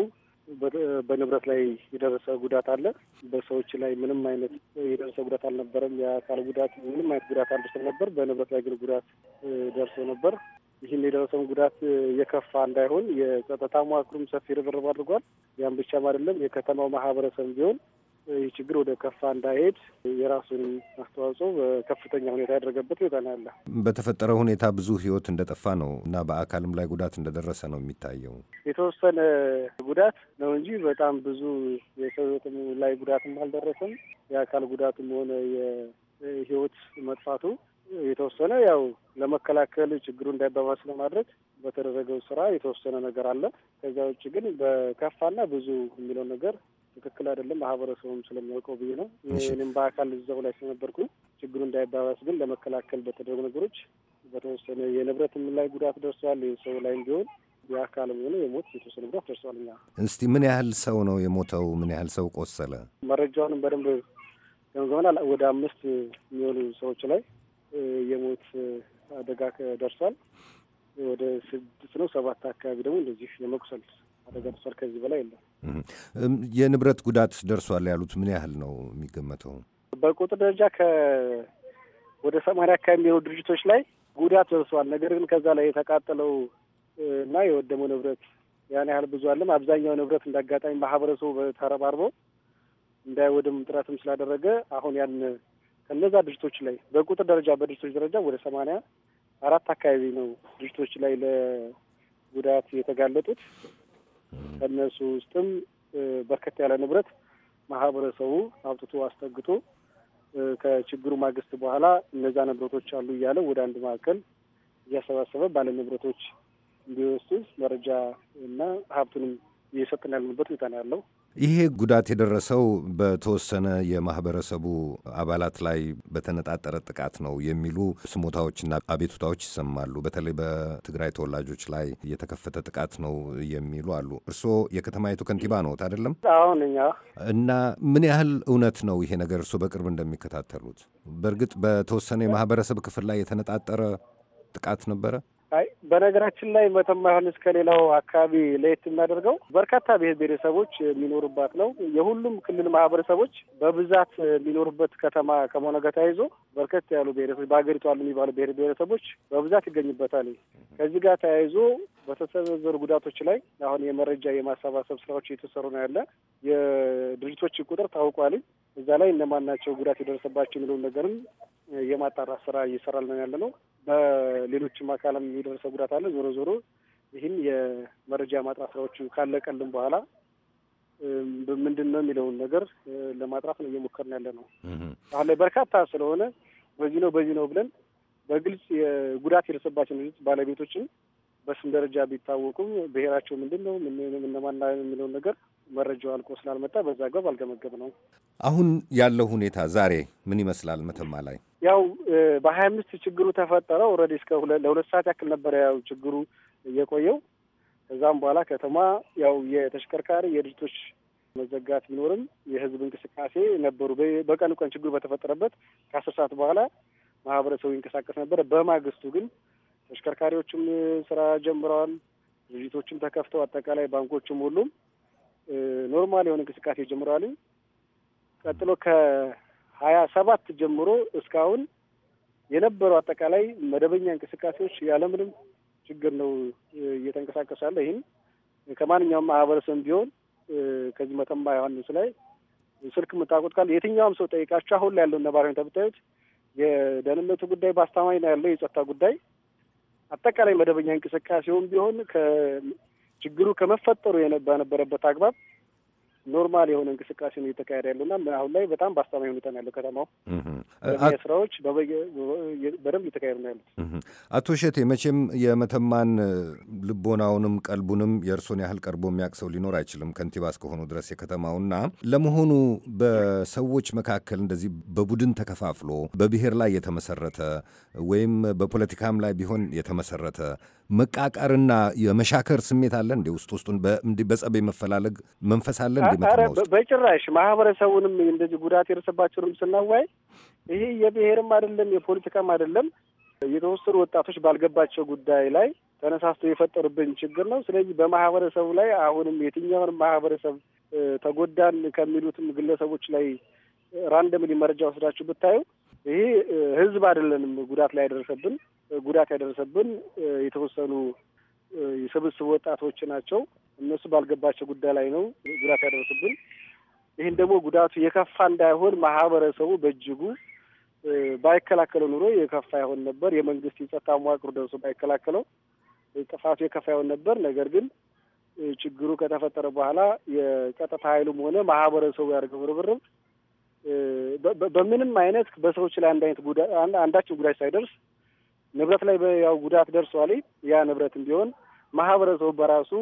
በንብረት ላይ የደረሰ ጉዳት አለ። በሰዎች ላይ ምንም አይነት የደረሰ ጉዳት አልነበረም። የአካል ጉዳት ምንም አይነት ጉዳት አልደረሰም ነበር። በንብረት ላይ ግን ጉዳት ደርሶ ነበር። ይህን የደረሰውን ጉዳት የከፋ እንዳይሆን የጸጥታ መዋቅሩም ሰፊ ርብርብ አድርጓል። ያም ብቻም አይደለም የከተማው ማህበረሰብ ቢሆን ይህ ችግር ወደ ከፋ እንዳይሄድ የራሱን አስተዋጽኦ በከፍተኛ ሁኔታ ያደረገበት ሁኔታ ነው ያለ። በተፈጠረው ሁኔታ ብዙ ህይወት እንደጠፋ ነው እና በአካልም ላይ ጉዳት እንደደረሰ ነው የሚታየው። የተወሰነ ጉዳት ነው እንጂ በጣም ብዙ የሰው ሕይወትም ላይ ጉዳትም አልደረሰም። የአካል ጉዳትም ሆነ የህይወት መጥፋቱ የተወሰነ ያው ለመከላከል ችግሩ እንዳይባባስ ለማድረግ በተደረገው ስራ የተወሰነ ነገር አለ። ከዚያ ውጭ ግን በከፋና ብዙ የሚለው ነገር ትክክል አይደለም። ማህበረሰቡም ስለሚያውቀው ብዬ ነው። እኔም በአካል እዛው ላይ ስለነበርኩ ችግሩ እንዳይባባስ ግን ለመከላከል በተደረጉ ነገሮች በተወሰነ የንብረትም ላይ ጉዳት ደርሰዋል። ሰው ላይ እንዲሆን የአካልም ሆነ የሞት የተወሰነ ጉዳት ደርሰዋል። እኛ እስቲ ምን ያህል ሰው ነው የሞተው? ምን ያህል ሰው ቆሰለ? መረጃውንም በደንብ ገምገመናል። ወደ አምስት የሚሆኑ ሰዎች ላይ የሞት አደጋ ደርሷል። ወደ ስድስት ነው ሰባት አካባቢ ደግሞ እንደዚህ የመቁሰል አደጋ ደርሷል። ከዚህ በላይ የለም። የንብረት ጉዳት ደርሷል ያሉት ምን ያህል ነው የሚገመተው? በቁጥር ደረጃ ወደ ሰማንያ አካባቢ የሚሆኑ ድርጅቶች ላይ ጉዳት ደርሰዋል። ነገር ግን ከዛ ላይ የተቃጠለው እና የወደመው ንብረት ያን ያህል ብዙ አለም። አብዛኛው ንብረት እንዳጋጣሚ ማህበረሰቡ ተረባርበው እንዳይወድም ጥረትም ስላደረገ አሁን ያን ከነዛ ድርጅቶች ላይ በቁጥር ደረጃ በድርጅቶች ደረጃ ወደ ሰማንያ አራት አካባቢ ነው ድርጅቶች ላይ ለጉዳት የተጋለጡት። ከእነሱ ውስጥም በርከት ያለ ንብረት ማህበረሰቡ አውጥቶ አስጠግቶ ከችግሩ ማግስት በኋላ እነዛ ንብረቶች አሉ እያለ ወደ አንድ ማዕከል እያሰባሰበ ባለ ንብረቶች እንዲወስድ መረጃ እና ሀብቱንም እየሰጠን ያለንበት ሁኔታ ነው ያለው። ይሄ ጉዳት የደረሰው በተወሰነ የማህበረሰቡ አባላት ላይ በተነጣጠረ ጥቃት ነው የሚሉ ስሞታዎችና አቤቱታዎች ይሰማሉ። በተለይ በትግራይ ተወላጆች ላይ የተከፈተ ጥቃት ነው የሚሉ አሉ። እርስዎ የከተማይቱ ከንቲባ ነዎት አይደለም? አሁን እና ምን ያህል እውነት ነው ይሄ ነገር እርስዎ በቅርብ እንደሚከታተሉት? በእርግጥ በተወሰነ የማህበረሰብ ክፍል ላይ የተነጣጠረ ጥቃት ነበረ? በነገራችን ላይ መተማ ዮሐንስ ከሌላው አካባቢ ለየት የሚያደርገው በርካታ ብሔር ብሔረሰቦች የሚኖሩባት ነው። የሁሉም ክልል ማህበረሰቦች በብዛት የሚኖሩበት ከተማ ከመሆኑ ጋር ተያይዞ በርከት ያሉ ብሔረሰቦች በሀገሪቷ አሉ የሚባሉ ብሔር ብሔረሰቦች በብዛት ይገኙበታል። ከዚህ ጋር ተያይዞ በተሰነዘሩ ጉዳቶች ላይ አሁን የመረጃ የማሰባሰብ ስራዎች እየተሰሩ ነው ያለ የድርጅቶች ቁጥር ታውቋልኝ እዛ ላይ እነማን ናቸው ጉዳት የደረሰባቸው የሚለውን ነገርም የማጣራት ስራ እየሰራል ነው ያለ ነው። በሌሎችም አካልም የደረሰ ጉዳት አለ። ዞሮ ዞሮ ይህም የመረጃ ማጥራት ስራዎቹ ካለቀልን በኋላ ምንድን ነው የሚለውን ነገር ለማጥራት ነው እየሞከርን ያለ ነው። አሁን ላይ በርካታ ስለሆነ በዚህ ነው በዚህ ነው ብለን በግልጽ የጉዳት የደረሰባቸው ልጅ ባለቤቶችን በስም ደረጃ ቢታወቁም ብሔራቸው ምንድን ነው እነማን የሚለውን ነገር መረጃው አልቆ ስላልመጣ በዛ አግባብ አልገመገብ ነው። አሁን ያለው ሁኔታ ዛሬ ምን ይመስላል? መተማ ላይ ያው በሀያ አምስት ችግሩ ተፈጠረው ረዲ እስከ ለሁለት ሰዓት ያክል ነበረ ያው ችግሩ እየቆየው ከዛም በኋላ ከተማ ያው የተሽከርካሪ የድርጅቶች መዘጋት ቢኖርም የህዝብ እንቅስቃሴ ነበሩ። በቀን ቀን ችግሩ በተፈጠረበት ከአስር ሰዓት በኋላ ማህበረሰቡ ይንቀሳቀስ ነበረ። በማግስቱ ግን ተሽከርካሪዎችም ስራ ጀምረዋል። ድርጅቶችም ተከፍተው አጠቃላይ ባንኮችም ሁሉም ኖርማል የሆነ እንቅስቃሴ ጀምረዋል። ቀጥሎ ከሀያ ሰባት ጀምሮ እስካሁን የነበሩ አጠቃላይ መደበኛ እንቅስቃሴዎች ያለምንም ችግር ነው እየተንቀሳቀሳለ። ይህም ከማንኛውም ማህበረሰብ ቢሆን ከዚህ መተማ ዮሐንስ ላይ ስልክ የምታውቁት ካለ የትኛውም ሰው ጠይቃችሁ አሁን ላይ ያለው ነባራዊ ተብታዮች የደህንነቱ ጉዳይ በአስተማማኝ ነው ያለው። የጸጥታ ጉዳይ አጠቃላይ መደበኛ እንቅስቃሴውም ቢሆን ችግሩ ከመፈጠሩ በነበረበት አግባብ ኖርማል የሆነ እንቅስቃሴ ነው እየተካሄደ ያለውና አሁን ላይ በጣም በአስተማማኝ ሁኔታ ነው ያለው ከተማው። ስራዎች በደንብ እየተካሄዱ ነው ያሉት። አቶ እሸቴ መቼም የመተማን ልቦናውንም ቀልቡንም የእርሶን ያህል ቀርቦ የሚያውቅ ሰው ሊኖር አይችልም ከንቲባ እስከሆኑ ድረስ የከተማውና። ለመሆኑ በሰዎች መካከል እንደዚህ በቡድን ተከፋፍሎ በብሔር ላይ የተመሰረተ ወይም በፖለቲካም ላይ ቢሆን የተመሰረተ መቃቀርና የመሻከር ስሜት አለ እንዴ? ውስጥ ውስጡን በጸበይ መፈላለግ መንፈስ አለ እንዴ? በጭራሽ ማህበረሰቡንም እንደዚህ ጉዳት የደረሰባቸውንም ስናዋይ ይሄ የብሔርም አይደለም የፖለቲካም አይደለም የተወሰኑ ወጣቶች ባልገባቸው ጉዳይ ላይ ተነሳስተው የፈጠሩብን ችግር ነው። ስለዚህ በማህበረሰቡ ላይ አሁንም የትኛውን ማህበረሰብ ተጎዳን ከሚሉትም ግለሰቦች ላይ ራንደምሊ መረጃ ወስዳችሁ ብታዩ ይሄ ህዝብ አይደለንም ጉዳት ላይ ያደረሰብን ጉዳት ያደረሰብን የተወሰኑ የሰበሰቡ ወጣቶች ናቸው። እነሱ ባልገባቸው ጉዳይ ላይ ነው ጉዳት ያደረሱብን። ይህን ደግሞ ጉዳቱ የከፋ እንዳይሆን ማህበረሰቡ በእጅጉ ባይከላከለው ኑሮ የከፋ ይሆን ነበር። የመንግስት የጸጥታ መዋቅሩ ደርሶ ባይከላከለው ጥፋቱ የከፋ ይሆን ነበር። ነገር ግን ችግሩ ከተፈጠረ በኋላ የጸጥታ ኃይሉም ሆነ ማህበረሰቡ ያደርገው ርብርብ በምንም አይነት በሰዎች ላይ አንድ አይነት ጉዳ አንዳችን ጉዳት ሳይደርስ ንብረት ላይ ያው ጉዳት ደርሷል። ያ ንብረትም ቢሆን ማህበረሰቡ በራሱ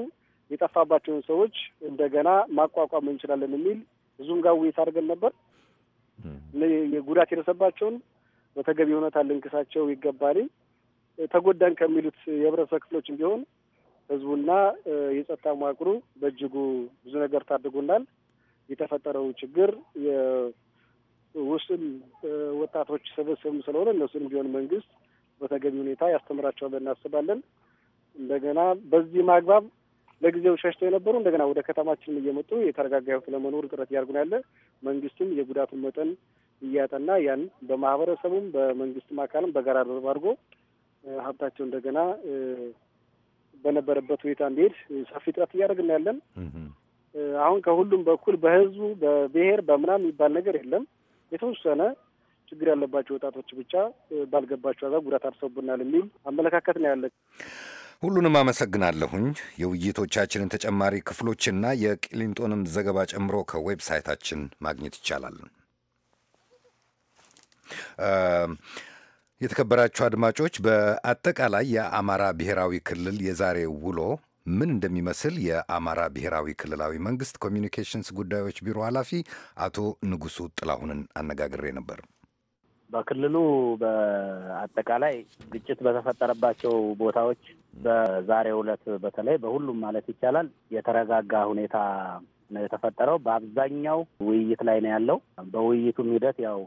የጠፋባቸውን ሰዎች እንደገና ማቋቋም እንችላለን የሚል ብዙም ጋር ውይይት አድርገን ነበር። ጉዳት የደረሰባቸውን በተገቢ ሁኔታ ልንክሳቸው ይገባል። ተጎዳን ከሚሉት የህብረተሰብ ክፍሎች ቢሆን ህዝቡና የጸጥታ መዋቅሩ በእጅጉ ብዙ ነገር ታድጎናል። የተፈጠረው ችግር ውስን ወጣቶች ስብስብ ስለሆነ እነሱን ቢሆን መንግስት በተገቢ ሁኔታ ያስተምራቸዋል እናስባለን። እንደገና በዚህ ማግባብ ለጊዜው ሸሽተው የነበሩ እንደገና ወደ ከተማችንም እየመጡ የተረጋጋ ሕይወት ለመኖር ጥረት ነው ያለ መንግስትም የጉዳቱን መጠን እያጠና ያን በማህበረሰቡም በመንግስትም አካልም በጋራ ርብ አድርጎ ሀብታቸው እንደገና በነበረበት ሁኔታ እንዲሄድ ሰፊ ጥረት እያደረግን ያለን። አሁን ከሁሉም በኩል በህዝቡ በብሔር በምናም የሚባል ነገር የለም። የተወሰነ ችግር ያለባቸው ወጣቶች ብቻ ባልገባቸው አዛ ጉዳት አርሰውብናል የሚል አመለካከት ነው ያለ። ሁሉንም አመሰግናለሁኝ። የውይይቶቻችንን ተጨማሪ ክፍሎችና የቅሊንጦንም ዘገባ ጨምሮ ከዌብሳይታችን ማግኘት ይቻላል። የተከበራችሁ አድማጮች በአጠቃላይ የአማራ ብሔራዊ ክልል የዛሬ ውሎ ምን እንደሚመስል የአማራ ብሔራዊ ክልላዊ መንግስት ኮሚኒኬሽንስ ጉዳዮች ቢሮ ኃላፊ አቶ ንጉሱ ጥላሁንን አነጋግሬ ነበር። በክልሉ በአጠቃላይ ግጭት በተፈጠረባቸው ቦታዎች በዛሬው ዕለት በተለይ በሁሉም ማለት ይቻላል የተረጋጋ ሁኔታ ነው የተፈጠረው። በአብዛኛው ውይይት ላይ ነው ያለው። በውይይቱም ሂደት ያው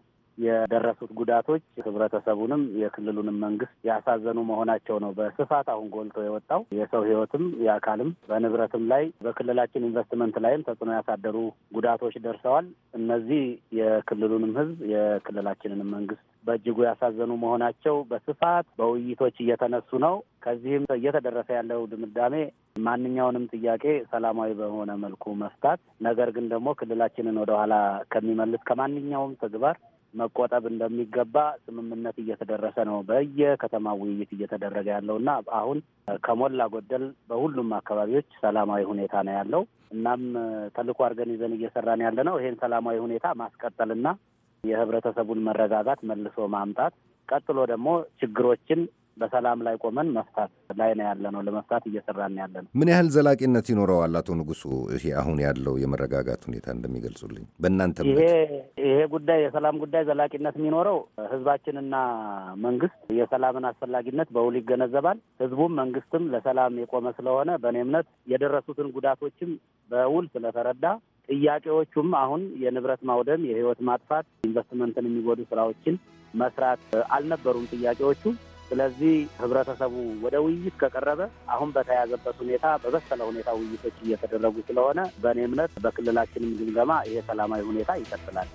የደረሱት ጉዳቶች ህብረተሰቡንም የክልሉንም መንግስት ያሳዘኑ መሆናቸው ነው በስፋት አሁን ጎልቶ የወጣው። የሰው ህይወትም የአካልም በንብረትም ላይ በክልላችን ኢንቨስትመንት ላይም ተጽዕኖ ያሳደሩ ጉዳቶች ደርሰዋል። እነዚህ የክልሉንም ህዝብ የክልላችንንም መንግስት በእጅጉ ያሳዘኑ መሆናቸው በስፋት በውይይቶች እየተነሱ ነው። ከዚህም እየተደረሰ ያለው ድምዳሜ ማንኛውንም ጥያቄ ሰላማዊ በሆነ መልኩ መፍታት፣ ነገር ግን ደግሞ ክልላችንን ወደኋላ ከሚመልስ ከማንኛውም ተግባር መቆጠብ እንደሚገባ ስምምነት እየተደረሰ ነው። በየከተማ ውይይት እየተደረገ ያለው እና አሁን ከሞላ ጎደል በሁሉም አካባቢዎች ሰላማዊ ሁኔታ ነው ያለው። እናም ተልዕኮ አድርገን ይዘን እየሰራን ያለ ነው ይሄን ሰላማዊ ሁኔታ ማስቀጠልና የህብረተሰቡን መረጋጋት መልሶ ማምጣት ቀጥሎ ደግሞ ችግሮችን በሰላም ላይ ቆመን መፍታት ላይ ነው ያለ ነው። ለመፍታት እየሰራን ያለ ነው። ምን ያህል ዘላቂነት ይኖረዋል? አቶ ንጉሱ፣ ይሄ አሁን ያለው የመረጋጋት ሁኔታ እንደሚገልጹልኝ በእናንተ ይሄ ይሄ ጉዳይ የሰላም ጉዳይ ዘላቂነት የሚኖረው ህዝባችንና መንግስት የሰላምን አስፈላጊነት በውል ይገነዘባል። ህዝቡም መንግስትም ለሰላም የቆመ ስለሆነ በእኔ እምነት የደረሱትን ጉዳቶችም በውል ስለተረዳ ጥያቄዎቹም አሁን የንብረት ማውደም፣ የህይወት ማጥፋት፣ ኢንቨስትመንትን የሚጎዱ ስራዎችን መስራት አልነበሩም ጥያቄዎቹ። ስለዚህ ህብረተሰቡ ወደ ውይይት ከቀረበ አሁን በተያዘበት ሁኔታ በበሰለ ሁኔታ ውይይቶች እየተደረጉ ስለሆነ በእኔ እምነት በክልላችንም ግምገማ ይሄ ሰላማዊ ሁኔታ ይቀጥላል።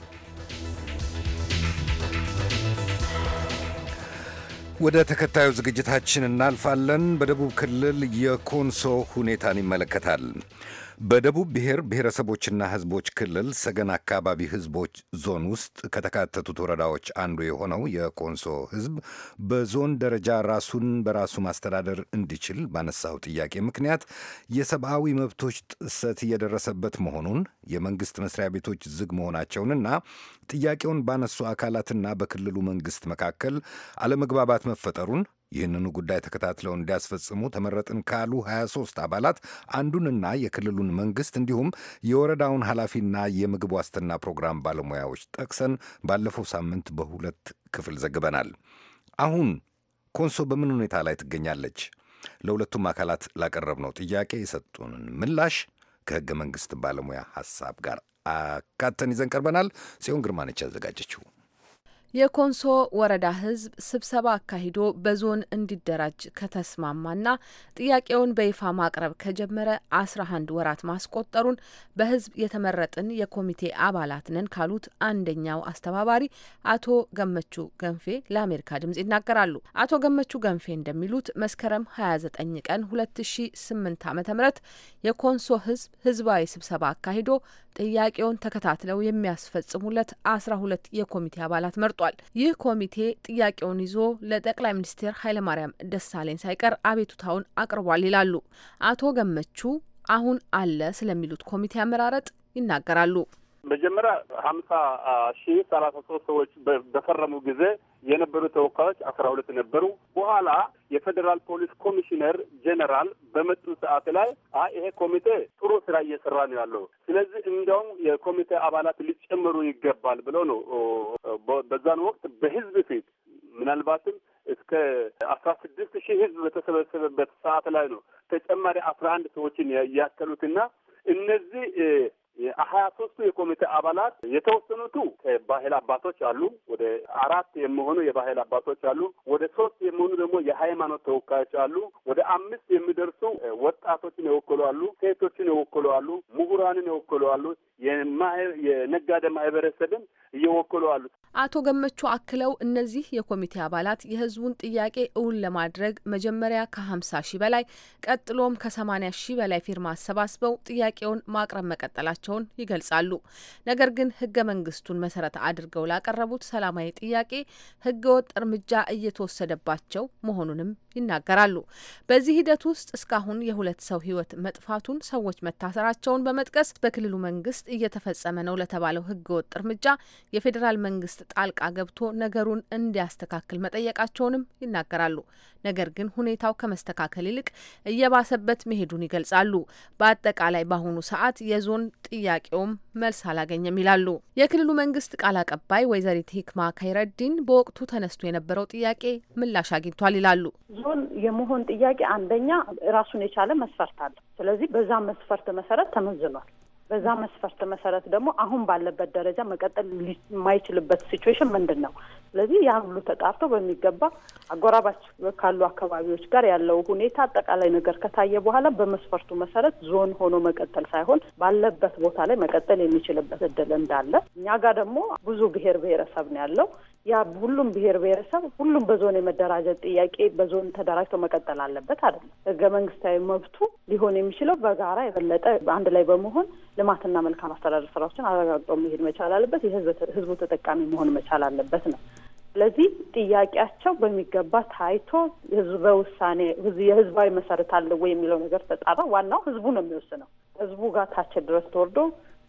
ወደ ተከታዩ ዝግጅታችን እናልፋለን። በደቡብ ክልል የኮንሶ ሁኔታን ይመለከታል። በደቡብ ብሔር ብሔረሰቦችና ሕዝቦች ክልል ሰገን አካባቢ ሕዝቦች ዞን ውስጥ ከተካተቱት ወረዳዎች አንዱ የሆነው የኮንሶ ሕዝብ በዞን ደረጃ ራሱን በራሱ ማስተዳደር እንዲችል ባነሳው ጥያቄ ምክንያት የሰብአዊ መብቶች ጥሰት እየደረሰበት መሆኑን የመንግስት መስሪያ ቤቶች ዝግ መሆናቸውንና ጥያቄውን ባነሱ አካላትና በክልሉ መንግስት መካከል አለመግባባት መፈጠሩን ይህንኑ ጉዳይ ተከታትለው እንዲያስፈጽሙ ተመረጥን ካሉ 23 አባላት አንዱንና የክልሉን መንግስት እንዲሁም የወረዳውን ኃላፊና የምግብ ዋስትና ፕሮግራም ባለሙያዎች ጠቅሰን ባለፈው ሳምንት በሁለት ክፍል ዘግበናል። አሁን ኮንሶ በምን ሁኔታ ላይ ትገኛለች? ለሁለቱም አካላት ላቀረብነው ጥያቄ የሰጡንን ምላሽ ከህገ መንግስት ባለሙያ ሐሳብ ጋር አካተን ይዘን ቀርበናል። ጽዮን ግርማነች ያዘጋጀችው የኮንሶ ወረዳ ህዝብ ስብሰባ አካሂዶ በዞን እንዲደራጅ ከተስማማና ጥያቄውን በይፋ ማቅረብ ከጀመረ አስራ አንድ ወራት ማስቆጠሩን በህዝብ የተመረጥን የኮሚቴ አባላት ነን ካሉት አንደኛው አስተባባሪ አቶ ገመቹ ገንፌ ለአሜሪካ ድምጽ ይናገራሉ። አቶ ገመቹ ገንፌ እንደሚሉት መስከረም 29 ቀን 2008 ዓ ም የኮንሶ ህዝብ ህዝባዊ ስብሰባ አካሂዶ ጥያቄውን ተከታትለው የሚያስፈጽሙለት አስራ ሁለት የኮሚቴ አባላት መርጧል። ተገልጧል። ይህ ኮሚቴ ጥያቄውን ይዞ ለጠቅላይ ሚኒስትር ኃይለማርያም ደሳለኝ ሳይቀር አቤቱታውን አቅርቧል ይላሉ አቶ ገመቹ። አሁን አለ ስለሚሉት ኮሚቴ አመራረጥ ይናገራሉ። መጀመሪያ ሀምሳ ሺህ ሰላሳ ሶስት ሰዎች በፈረሙ ጊዜ የነበሩ ተወካዮች አስራ ሁለት ነበሩ። በኋላ የፌዴራል ፖሊስ ኮሚሽነር ጄኔራል በመጡ ሰዓት ላይ አይ ይሄ ኮሚቴ ጥሩ ስራ እየሰራ ነው ያለው፣ ስለዚህ እንዲያውም የኮሚቴ አባላት ሊጨምሩ ይገባል ብለው ነው በዛን ወቅት በህዝብ ፊት ምናልባትም እስከ አስራ ስድስት ሺህ ህዝብ በተሰበሰበበት ሰዓት ላይ ነው ተጨማሪ አስራ አንድ ሰዎችን ያከሉትና እነዚህ ሀያ ሶስቱ የኮሚቴ አባላት የተወሰኑቱ ከባህል አባቶች አሉ። ወደ አራት የሚሆኑ የባህል አባቶች አሉ። ወደ ሶስት የሚሆኑ ደግሞ የሃይማኖት ተወካዮች አሉ። ወደ አምስት የሚደርሱ ወጣቶችን የወክሉ አሉ። ሴቶችን የወክሉ አሉ። ምሁራንን የወክሉ አሉ። የነጋዴ ማህበረሰብን እየወክሉ አሉ። አቶ ገመቹ አክለው እነዚህ የኮሚቴ አባላት የህዝቡን ጥያቄ እውን ለማድረግ መጀመሪያ ከ50 ሺህ በላይ ቀጥሎም ከ80 ሺህ በላይ ፊርማ አሰባስበው ጥያቄውን ማቅረብ መቀጠላቸውን ይገልጻሉ። ነገር ግን ህገ መንግስቱን መሰረት አድርገው ላቀረቡት ሰላማዊ ጥያቄ ህገወጥ እርምጃ እየተወሰደባቸው መሆኑንም ይናገራሉ። በዚህ ሂደት ውስጥ እስካሁን የሁለት ሰው ህይወት መጥፋቱን፣ ሰዎች መታሰራቸውን በመጥቀስ በክልሉ መንግስት እየተፈጸመ ነው ለተባለው ህገወጥ እርምጃ የፌዴራል መንግስት ጣልቃ ገብቶ ነገሩን እንዲያስተካክል መጠየቃቸውንም ይናገራሉ። ነገር ግን ሁኔታው ከመስተካከል ይልቅ እየባሰበት መሄዱን ይገልጻሉ። በአጠቃላይ በአሁኑ ሰዓት የዞን ጥያቄውም መልስ አላገኘም ይላሉ። የክልሉ መንግስት ቃል አቀባይ ወይዘሪት ሂክማ ከይረዲን በወቅቱ ተነስቶ የነበረው ጥያቄ ምላሽ አግኝቷል ይላሉ። ዞን የመሆን ጥያቄ አንደኛ ራሱን የቻለ መስፈርት አለ። ስለዚህ በዛ መስፈርት መሰረት ተመዝኗል። በዛ መስፈርት መሰረት ደግሞ አሁን ባለበት ደረጃ መቀጠል የማይችልበት ሲትዌሽን ምንድን ነው? ስለዚህ ያ ሁሉ ተጣርቶ በሚገባ አጎራባች ካሉ አካባቢዎች ጋር ያለው ሁኔታ አጠቃላይ ነገር ከታየ በኋላ በመስፈርቱ መሰረት ዞን ሆኖ መቀጠል ሳይሆን ባለበት ቦታ ላይ መቀጠል የሚችልበት እድል እንዳለ እኛ ጋር ደግሞ ብዙ ብሔር ብሔረሰብ ነው ያለው። ያ ሁሉም ብሔር ብሔረሰብ ሁሉም በዞን የመደራጀት ጥያቄ በዞን ተደራጅቶ መቀጠል አለበት አይደለም። ህገ መንግስታዊ መብቱ ሊሆን የሚችለው በጋራ የበለጠ አንድ ላይ በመሆን ልማትና መልካም አስተዳደር ስራዎችን አረጋግጦ መሄድ መቻል አለበት። የህዝቡ ተጠቃሚ መሆን መቻል አለበት ነው። ስለዚህ ጥያቄያቸው በሚገባ ታይቶ ህዝበ ውሳኔ የህዝባዊ መሰረት አለው ወይ የሚለው ነገር ተጣራ። ዋናው ህዝቡ ነው የሚወስነው። ህዝቡ ጋር ታች ድረስ ተወርዶ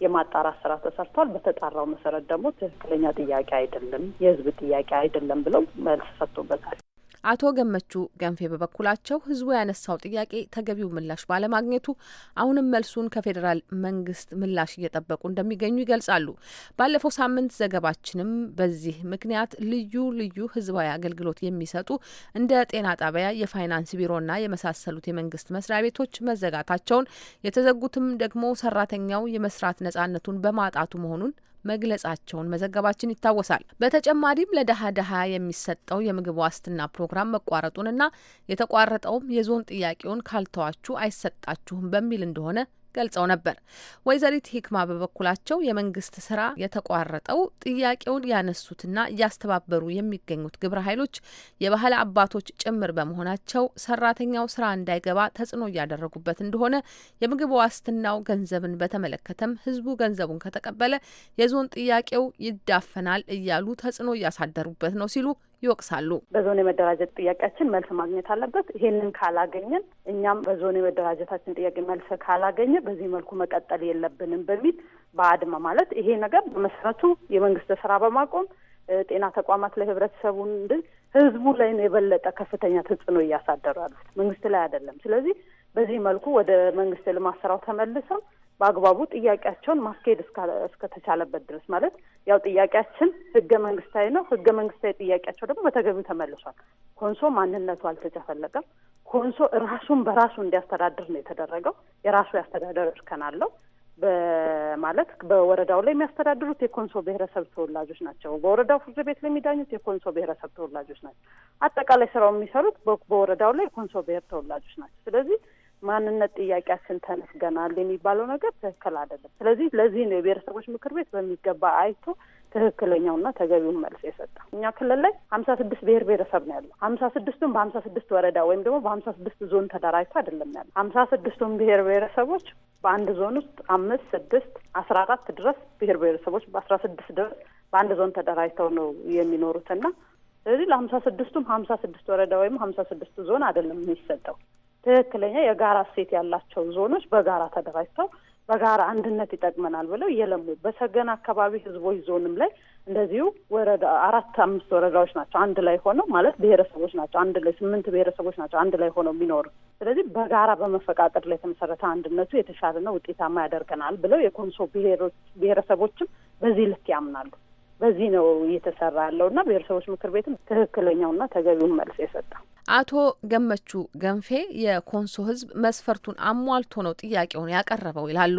የማጣራት ስራ ተሰርቷል። በተጣራው መሰረት ደግሞ ትክክለኛ ጥያቄ አይደለም፣ የህዝብ ጥያቄ አይደለም ብለው መልስ ሰጥቶበታል። አቶ ገመቹ ገንፌ በበኩላቸው ህዝቡ ያነሳው ጥያቄ ተገቢው ምላሽ ባለማግኘቱ አሁንም መልሱን ከፌዴራል መንግስት ምላሽ እየጠበቁ እንደሚገኙ ይገልጻሉ። ባለፈው ሳምንት ዘገባችንም በዚህ ምክንያት ልዩ ልዩ ህዝባዊ አገልግሎት የሚሰጡ እንደ ጤና ጣቢያ፣ የፋይናንስ ቢሮና የመሳሰሉት የመንግስት መስሪያ ቤቶች መዘጋታቸውን የተዘጉትም ደግሞ ሰራተኛው የመስራት ነጻነቱን በማጣቱ መሆኑን መግለጻቸውን መዘገባችን ይታወሳል። በተጨማሪም ለደሀ ደሀ የሚሰጠው የምግብ ዋስትና ፕሮግራም መቋረጡንና የተቋረጠውም የዞን ጥያቄውን ካልተዋችሁ አይሰጣችሁም በሚል እንደሆነ ገልጸው ነበር። ወይዘሪት ሂክማ በበኩላቸው የመንግስት ስራ የተቋረጠው ጥያቄውን ያነሱትና እያስተባበሩ የሚገኙት ግብረ ኃይሎች የባህል አባቶች ጭምር በመሆናቸው ሰራተኛው ስራ እንዳይገባ ተጽዕኖ እያደረጉበት እንደሆነ፣ የምግብ ዋስትናው ገንዘብን በተመለከተም ህዝቡ ገንዘቡን ከተቀበለ የዞን ጥያቄው ይዳፈናል እያሉ ተጽዕኖ እያሳደሩበት ነው ሲሉ ይወቅሳሉ። በዞን የመደራጀት ጥያቄያችን መልስ ማግኘት አለበት። ይሄንን ካላገኘን እኛም በዞን የመደራጀታችን ጥያቄ መልስ ካላገኘ በዚህ መልኩ መቀጠል የለብንም በሚል በአድማ ማለት ይሄ ነገር በመሰረቱ የመንግስት ስራ በማቆም ጤና ተቋማት ላይ ህብረተሰቡን እንድን ህዝቡ ላይ ነው የበለጠ ከፍተኛ ተጽዕኖ እያሳደሩ ያሉት መንግስት ላይ አይደለም። ስለዚህ በዚህ መልኩ ወደ መንግስት ልማት ስራው ተመልሰው በአግባቡ ጥያቄያቸውን ማስካሄድ እስከተቻለበት ድረስ ማለት ያው ጥያቄያችን ህገ መንግስታዊ ነው። ህገ መንግስታዊ ጥያቄያቸው ደግሞ በተገቢው ተመልሷል። ኮንሶ ማንነቱ አልተጨፈለቀም። ኮንሶ ራሱን በራሱ እንዲያስተዳድር ነው የተደረገው። የራሱ የአስተዳደር እርከን አለው። በማለት በወረዳው ላይ የሚያስተዳድሩት የኮንሶ ብሔረሰብ ተወላጆች ናቸው። በወረዳው ፍርድ ቤት ላይ የሚዳኙት የኮንሶ ብሔረሰብ ተወላጆች ናቸው። አጠቃላይ ስራው የሚሰሩት በወረዳው ላይ የኮንሶ ብሔር ተወላጆች ናቸው። ስለዚህ ማንነት ጥያቄያችን ተነስገናል የሚባለው ነገር ትክክል አይደለም። ስለዚህ ለዚህ ነው የብሔረሰቦች ምክር ቤት በሚገባ አይቶ ትክክለኛውና ተገቢውን መልስ የሰጠው። እኛ ክልል ላይ ሀምሳ ስድስት ብሔር ብሔረሰብ ነው ያለው። ሀምሳ ስድስቱን በሀምሳ ስድስት ወረዳ ወይም ደግሞ በሀምሳ ስድስት ዞን ተደራጅቶ አይደለም ያለው። ሀምሳ ስድስቱን ብሔር ብሔረሰቦች በአንድ ዞን ውስጥ አምስት ስድስት አስራ አራት ድረስ ብሔር ብሔረሰቦች በአስራ ስድስት ድረስ በአንድ ዞን ተደራጅተው ነው የሚኖሩትና ስለዚህ ለሀምሳ ስድስቱም ሀምሳ ስድስት ወረዳ ወይም ሀምሳ ስድስት ዞን አይደለም የሚሰጠው ትክክለኛ የጋራ እሴት ያላቸው ዞኖች በጋራ ተደራጅተው በጋራ አንድነት ይጠቅመናል ብለው እየለሙ በሰገን አካባቢ ህዝቦች ዞንም ላይ እንደዚሁ ወረዳ አራት አምስት ወረዳዎች ናቸው አንድ ላይ ሆነው ማለት ብሔረሰቦች ናቸው አንድ ላይ ስምንት ብሔረሰቦች ናቸው አንድ ላይ ሆነው የሚኖሩ ስለዚህ በጋራ በመፈቃቀድ ላይ የተመሰረተ አንድነቱ የተሻለና ውጤታማ ያደርገናል ብለው የኮንሶ ብሔሮች ብሔረሰቦችም በዚህ ልክ ያምናሉ። በዚህ ነው እየተሰራ ያለው እና ብሔረሰቦች ምክር ቤትም ትክክለኛውና ተገቢውን መልስ የሰጠው። አቶ ገመቹ ገንፌ የኮንሶ ህዝብ መስፈርቱን አሟልቶ ነው ጥያቄውን ያቀረበው ይላሉ።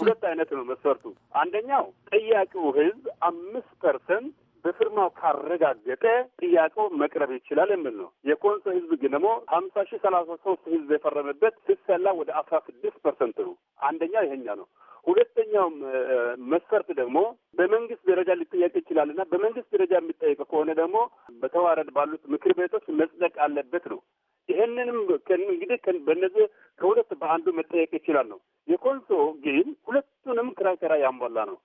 ሁለት አይነት ነው መስፈርቱ። አንደኛው ጠያቂው ህዝብ አምስት ፐርሰንት በፍርማው ካረጋገጠ ጥያቄው መቅረብ ይችላል የሚል ነው። የኮንሶ ህዝብ ግን ደግሞ ሀምሳ ሺህ ሰላሳ ሶስት ህዝብ የፈረመበት ሲሰላ ወደ አስራ ስድስት ፐርሰንት ነው። አንደኛ ይሄኛ ነው። ሁለተኛውም መስፈርት ደግሞ በመንግስት ደረጃ ሊጠየቅ ይችላል እና በመንግስት ደረጃ የሚጠየቅ ከሆነ ደግሞ በተዋረድ ባሉት ምክር ቤቶች መጽደቅ አለበት ነው። ይህንንም እንግዲህ በነዚህ ከሁለት በአንዱ መጠየቅ ይችላል ነው። የኮንሶ ግን ሁለቱንም ክራይቴራ ያሟላ ነው።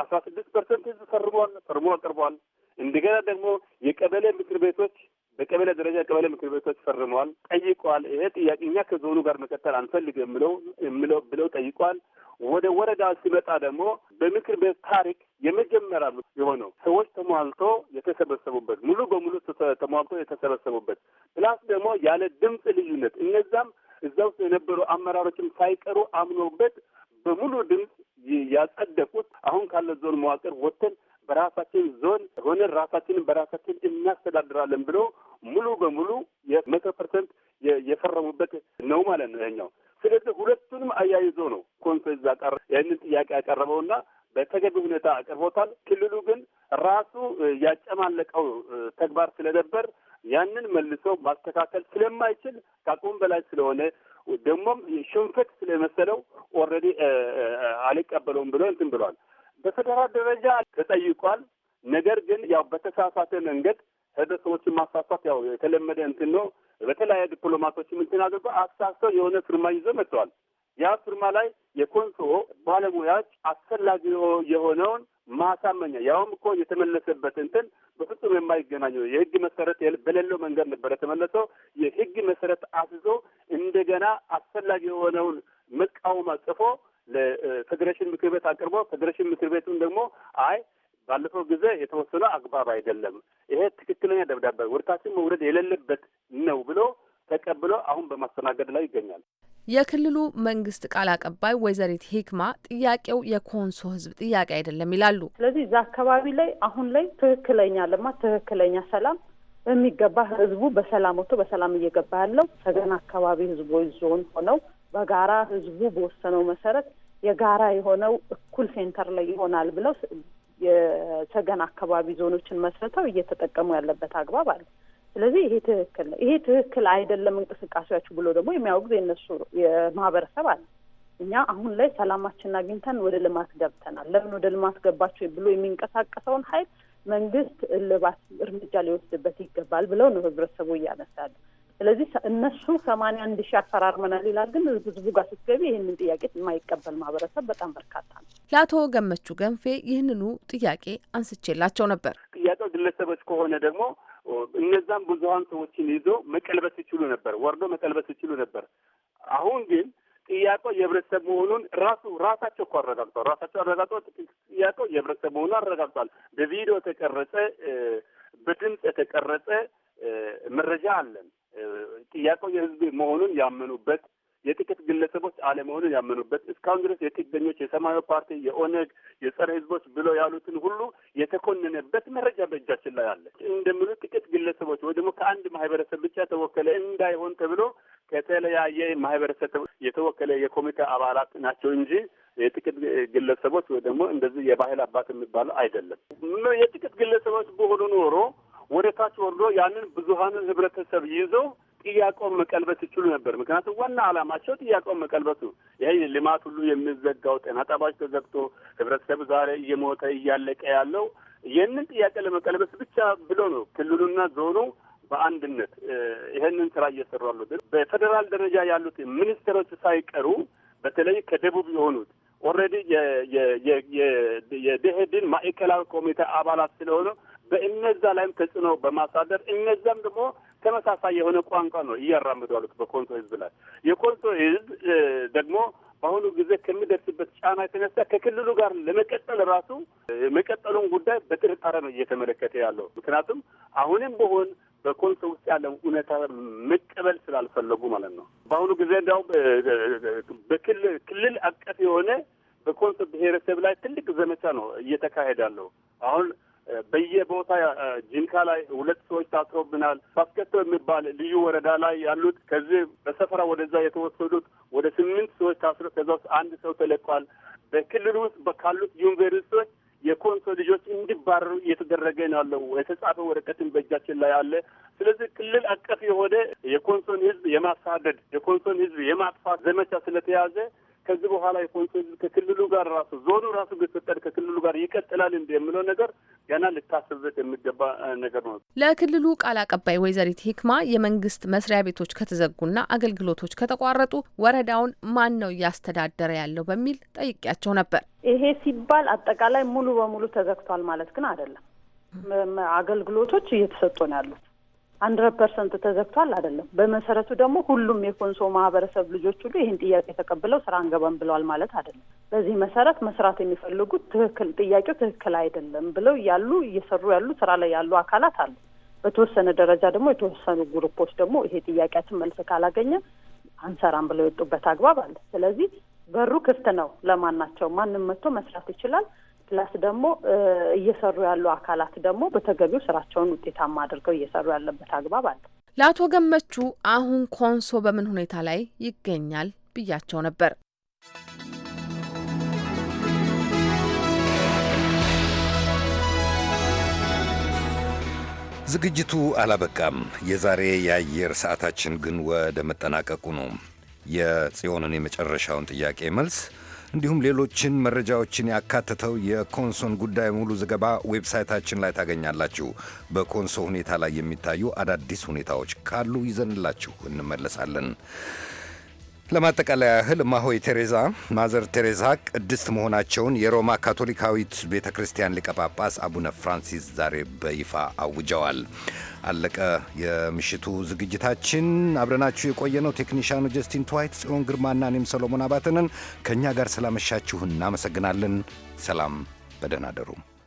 አስራ ስድስት ፐርሰንት ህዝብ ፈርሟል ፈርሞ አቅርቧል። እንደገና ደግሞ የቀበሌ ምክር ቤቶች በቀበሌ ደረጃ ቀበሌ ምክር ቤቶች ፈርመዋል፣ ጠይቋል። ይሄ ጥያቄ እኛ ከዞኑ ጋር መቀጠል አንፈልግ የምለው የምለው ብለው ጠይቋል። ወደ ወረዳ ሲመጣ ደግሞ በምክር ቤት ታሪክ የመጀመሪያ የሆነው ሰዎች ተሟልቶ የተሰበሰቡበት ሙሉ በሙሉ ተሟልቶ የተሰበሰቡበት ፕላስ ደግሞ ያለ ድምፅ ልዩነት እነዛም እዛ ውስጥ የነበሩ አመራሮችም ሳይቀሩ አምኖበት በሙሉ ድምፅ ያጸደቁት አሁን ካለ ዞን መዋቅር ወጥተን በራሳችን ዞን ሆነን ራሳችንን በራሳችን እናስተዳድራለን ብሎ ሙሉ በሙሉ የመቶ ፐርሰንት የፈረሙበት ነው ማለት ነው ይሄኛው። ስለዚህ ሁለቱንም አያይዞ ነው ኮንሶ እዛ ቀር ይህንን ጥያቄ ያቀረበውና በተገቢ ሁኔታ አቅርቦታል። ክልሉ ግን ራሱ ያጨማለቀው ተግባር ስለነበር ያንን መልሶ ማስተካከል ስለማይችል ከአቅሙ በላይ ስለሆነ ደግሞም ሽንፈት ስለመሰለው ኦልሬዲ አልቀበለውም ብሎ እንትን ብሏል። በፌዴራል ደረጃ ተጠይቋል። ነገር ግን ያው በተሳሳተ መንገድ ህብረተሰቦችን ማሳሳት ያው የተለመደ እንትን ነው። በተለያየ ዲፕሎማቶችም እንትን አድርጎ አሳስተው የሆነ ፊርማ ይዞ መጥተዋል። ያ ፊርማ ላይ የኮንሶ ባለሙያዎች አስፈላጊ የሆነውን ማሳመኛ ያውም እኮ የተመለሰበት እንትን በፍጹም የማይገናኘው የህግ መሰረት በሌለው መንገድ ነበር የተመለሰው። የህግ መሰረት አስይዞ እንደገና አስፈላጊ የሆነውን መቃወማ ጽፎ ለፌዴሬሽን ምክር ቤት አቅርቦ ፌዴሬሽን ምክር ቤቱም ደግሞ አይ ባለፈው ጊዜ የተወሰነ አግባብ አይደለም፣ ይሄ ትክክለኛ ደብዳቤ ወደታችን መውረድ የሌለበት ነው ብሎ ተቀብሎ አሁን በማስተናገድ ላይ ይገኛል። የክልሉ መንግስት ቃል አቀባይ ወይዘሪት ሂክማ ጥያቄው የኮንሶ ህዝብ ጥያቄ አይደለም ይላሉ። ስለዚህ እዛ አካባቢ ላይ አሁን ላይ ትክክለኛ ልማት፣ ትክክለኛ ሰላም በሚገባ ህዝቡ በሰላም ወጥቶ በሰላም እየገባ ያለው ሰገን አካባቢ ህዝቦች ዞን ሆነው በጋራ ህዝቡ በወሰነው መሰረት የጋራ የሆነው እኩል ሴንተር ላይ ይሆናል ብለው የሰገን አካባቢ ዞኖችን መስርተው እየተጠቀሙ ያለበት አግባብ አለ። ስለዚህ ይሄ ትክክል ነው፣ ይሄ ትክክል አይደለም እንቅስቃሴያችሁ ብሎ ደግሞ የሚያወግዝ የነሱ የማህበረሰብ አለ። እኛ አሁን ላይ ሰላማችን አግኝተን ወደ ልማት ገብተናል፣ ለምን ወደ ልማት ገባችሁ ብሎ የሚንቀሳቀሰውን ኃይል መንግስት እልባት እርምጃ ሊወስድበት ይገባል ብለው ነው ህብረተሰቡ እያነሳሉ። ስለዚህ እነሱ ሰማንያ አንድ ሺህ አፈራርመናል ይላል። ግን ህዝቡ ጋር ስትገቢ ይህንን ጥያቄ የማይቀበል ማህበረሰብ በጣም በርካታ ነው። ለአቶ ገመቹ ገንፌ ይህንኑ ጥያቄ አንስቼላቸው ነበር። ጥያቄው ግለሰቦች ከሆነ ደግሞ እነዛም ብዙሀን ሰዎችን ይዞ መቀልበስ ይችሉ ነበር፣ ወርዶ መቀልበስ ይችሉ ነበር። አሁን ግን ጥያቄው የህብረተሰብ መሆኑን ራሱ ራሳቸው እኮ አረጋግጧል። ራሳቸው አረጋግጧል። ጥያቄው የህብረተሰብ መሆኑ አረጋግጧል። በቪዲዮ የተቀረጸ በድምፅ የተቀረጸ መረጃ አለን። ጥያቄው የህዝብ መሆኑን ያመኑበት የጥቂት ግለሰቦች አለመሆኑን ያመኑበት እስካሁን ድረስ የጥገኞች የሰማያዊ ፓርቲ የኦነግ የጸረ ህዝቦች ብሎ ያሉትን ሁሉ የተኮነነበት መረጃ በእጃችን ላይ አለ። እንደምሉ ጥቂት ግለሰቦች ወይ ደግሞ ከአንድ ማህበረሰብ ብቻ ተወከለ እንዳይሆን ተብሎ ከተለያየ ማህበረሰብ የተወከለ የኮሚቴ አባላት ናቸው እንጂ የጥቂት ግለሰቦች ወይ ደግሞ እንደዚህ የባህል አባት የሚባለው አይደለም። የጥቂት ግለሰቦች በሆኑ ኖሮ ወደ ታች ወርዶ ያንን ብዙሀንን ህብረተሰብ ይዘው ጥያቄውን መቀልበስ ይችሉ ነበር። ምክንያቱም ዋና ዓላማቸው ጥያቄውን መቀልበሱ ይህ ልማት ሁሉ የሚዘጋው ጤና ጣቢያዎች ተዘግቶ ህብረተሰብ ዛሬ እየሞተ እያለቀ ያለው ይህንን ጥያቄ ለመቀልበስ ብቻ ብሎ ነው ክልሉና ዞኑ በአንድነት ይህንን ስራ እየሰሩ ያሉት። በፌዴራል ደረጃ ያሉት ሚኒስትሮች ሳይቀሩ በተለይ ከደቡብ የሆኑት ኦልሬዲ የደኢህዴን ማዕከላዊ ኮሚቴ አባላት ስለሆነ። በእነዛ ላይም ተጽዕኖ በማሳደር እነዛም ደግሞ ተመሳሳይ የሆነ ቋንቋ ነው እያራምዱ ያሉት በኮንሶ ህዝብ ላይ። የኮንሶ ህዝብ ደግሞ በአሁኑ ጊዜ ከሚደርስበት ጫና የተነሳ ከክልሉ ጋር ለመቀጠል ራሱ የመቀጠሉን ጉዳይ በጥርጣሬ ነው እየተመለከተ ያለው። ምክንያቱም አሁንም በሆን በኮንሶ ውስጥ ያለው እውነታ መቀበል ስላልፈለጉ ማለት ነው። በአሁኑ ጊዜ እንዲያው በክልል አቀፍ የሆነ በኮንሶ ብሔረሰብ ላይ ትልቅ ዘመቻ ነው እየተካሄዳለው አሁን በየቦታ ጂንካ ላይ ሁለት ሰዎች ታስሮብናል። ባስከቶ የሚባል ልዩ ወረዳ ላይ ያሉት ከዚህ በሰፈራ ወደዛ የተወሰዱት ወደ ስምንት ሰዎች ታስሮ ከዛ ውስጥ አንድ ሰው ተለቋል። በክልል ውስጥ ካሉት ዩኒቨርሲቲዎች የኮንሶ ልጆች እንዲባረሩ እየተደረገ ነው ያለው። የተጻፈ ወረቀትን በእጃችን ላይ አለ። ስለዚህ ክልል አቀፍ የሆነ የኮንሶን ሕዝብ የማሳደድ የኮንሶን ሕዝብ የማጥፋት ዘመቻ ስለተያዘ ከዚህ በኋላ የኮንሶ ህዝብ ከክልሉ ጋር ራሱ ዞኑ ራሱ ቢፈጠር ከክልሉ ጋር ይቀጥላል እንዲ የምለው ነገር ገና ልታስብበት የሚገባ ነገር ነው። ለክልሉ ቃል አቀባይ ወይዘሪት ሂክማ የመንግስት መስሪያ ቤቶች ከተዘጉና አገልግሎቶች ከተቋረጡ ወረዳውን ማን ነው እያስተዳደረ ያለው በሚል ጠይቄያቸው ነበር። ይሄ ሲባል አጠቃላይ ሙሉ በሙሉ ተዘግቷል ማለት ግን አይደለም። አገልግሎቶች እየተሰጡ ነው ያሉት ሀንድረድ ፐርሰንት ተዘግቷል አይደለም። በመሰረቱ ደግሞ ሁሉም የኮንሶ ማህበረሰብ ልጆች ሁሉ ይህን ጥያቄ ተቀብለው ስራ አንገባም ብለዋል ማለት አይደለም። በዚህ መሰረት መስራት የሚፈልጉት ትክክል ጥያቄው ትክክል አይደለም ብለው ያሉ እየሰሩ ያሉ ስራ ላይ ያሉ አካላት አሉ። በተወሰነ ደረጃ ደግሞ የተወሰኑ ግሩፖች ደግሞ ይሄ ጥያቄያችን መልስ ካላገኘ አንሰራም ብለው የወጡበት አግባብ አለ። ስለዚህ በሩ ክፍት ነው ለማናቸው፣ ማንም መጥቶ መስራት ይችላል። ፕላስ ደግሞ እየሰሩ ያሉ አካላት ደግሞ በተገቢው ስራቸውን ውጤታማ አድርገው እየሰሩ ያለበት አግባብ አለ። ለአቶ ገመቹ አሁን ኮንሶ በምን ሁኔታ ላይ ይገኛል ብያቸው ነበር። ዝግጅቱ አላበቃም። የዛሬ የአየር ሰዓታችን ግን ወደ መጠናቀቁ ነው። የጽዮንን የመጨረሻውን ጥያቄ መልስ እንዲሁም ሌሎችን መረጃዎችን ያካተተው የኮንሶን ጉዳይ ሙሉ ዘገባ ዌብሳይታችን ላይ ታገኛላችሁ። በኮንሶ ሁኔታ ላይ የሚታዩ አዳዲስ ሁኔታዎች ካሉ ይዘንላችሁ እንመለሳለን። ለማጠቃለያ ያህል ማሆይ ቴሬዛ ማዘር ቴሬዛ ቅድስት መሆናቸውን የሮማ ካቶሊካዊት ቤተ ክርስቲያን ሊቀ ጳጳስ አቡነ ፍራንሲስ ዛሬ በይፋ አውጀዋል። አለቀ የምሽቱ ዝግጅታችን። አብረናችሁ የቆየ ነው ቴክኒሻኑ ጀስቲን ትዋይት፣ ጽዮን ግርማና እኔም ሰሎሞን አባተንን ከእኛ ጋር ስላመሻችሁ እናመሰግናለን። ሰላም፣ በደህና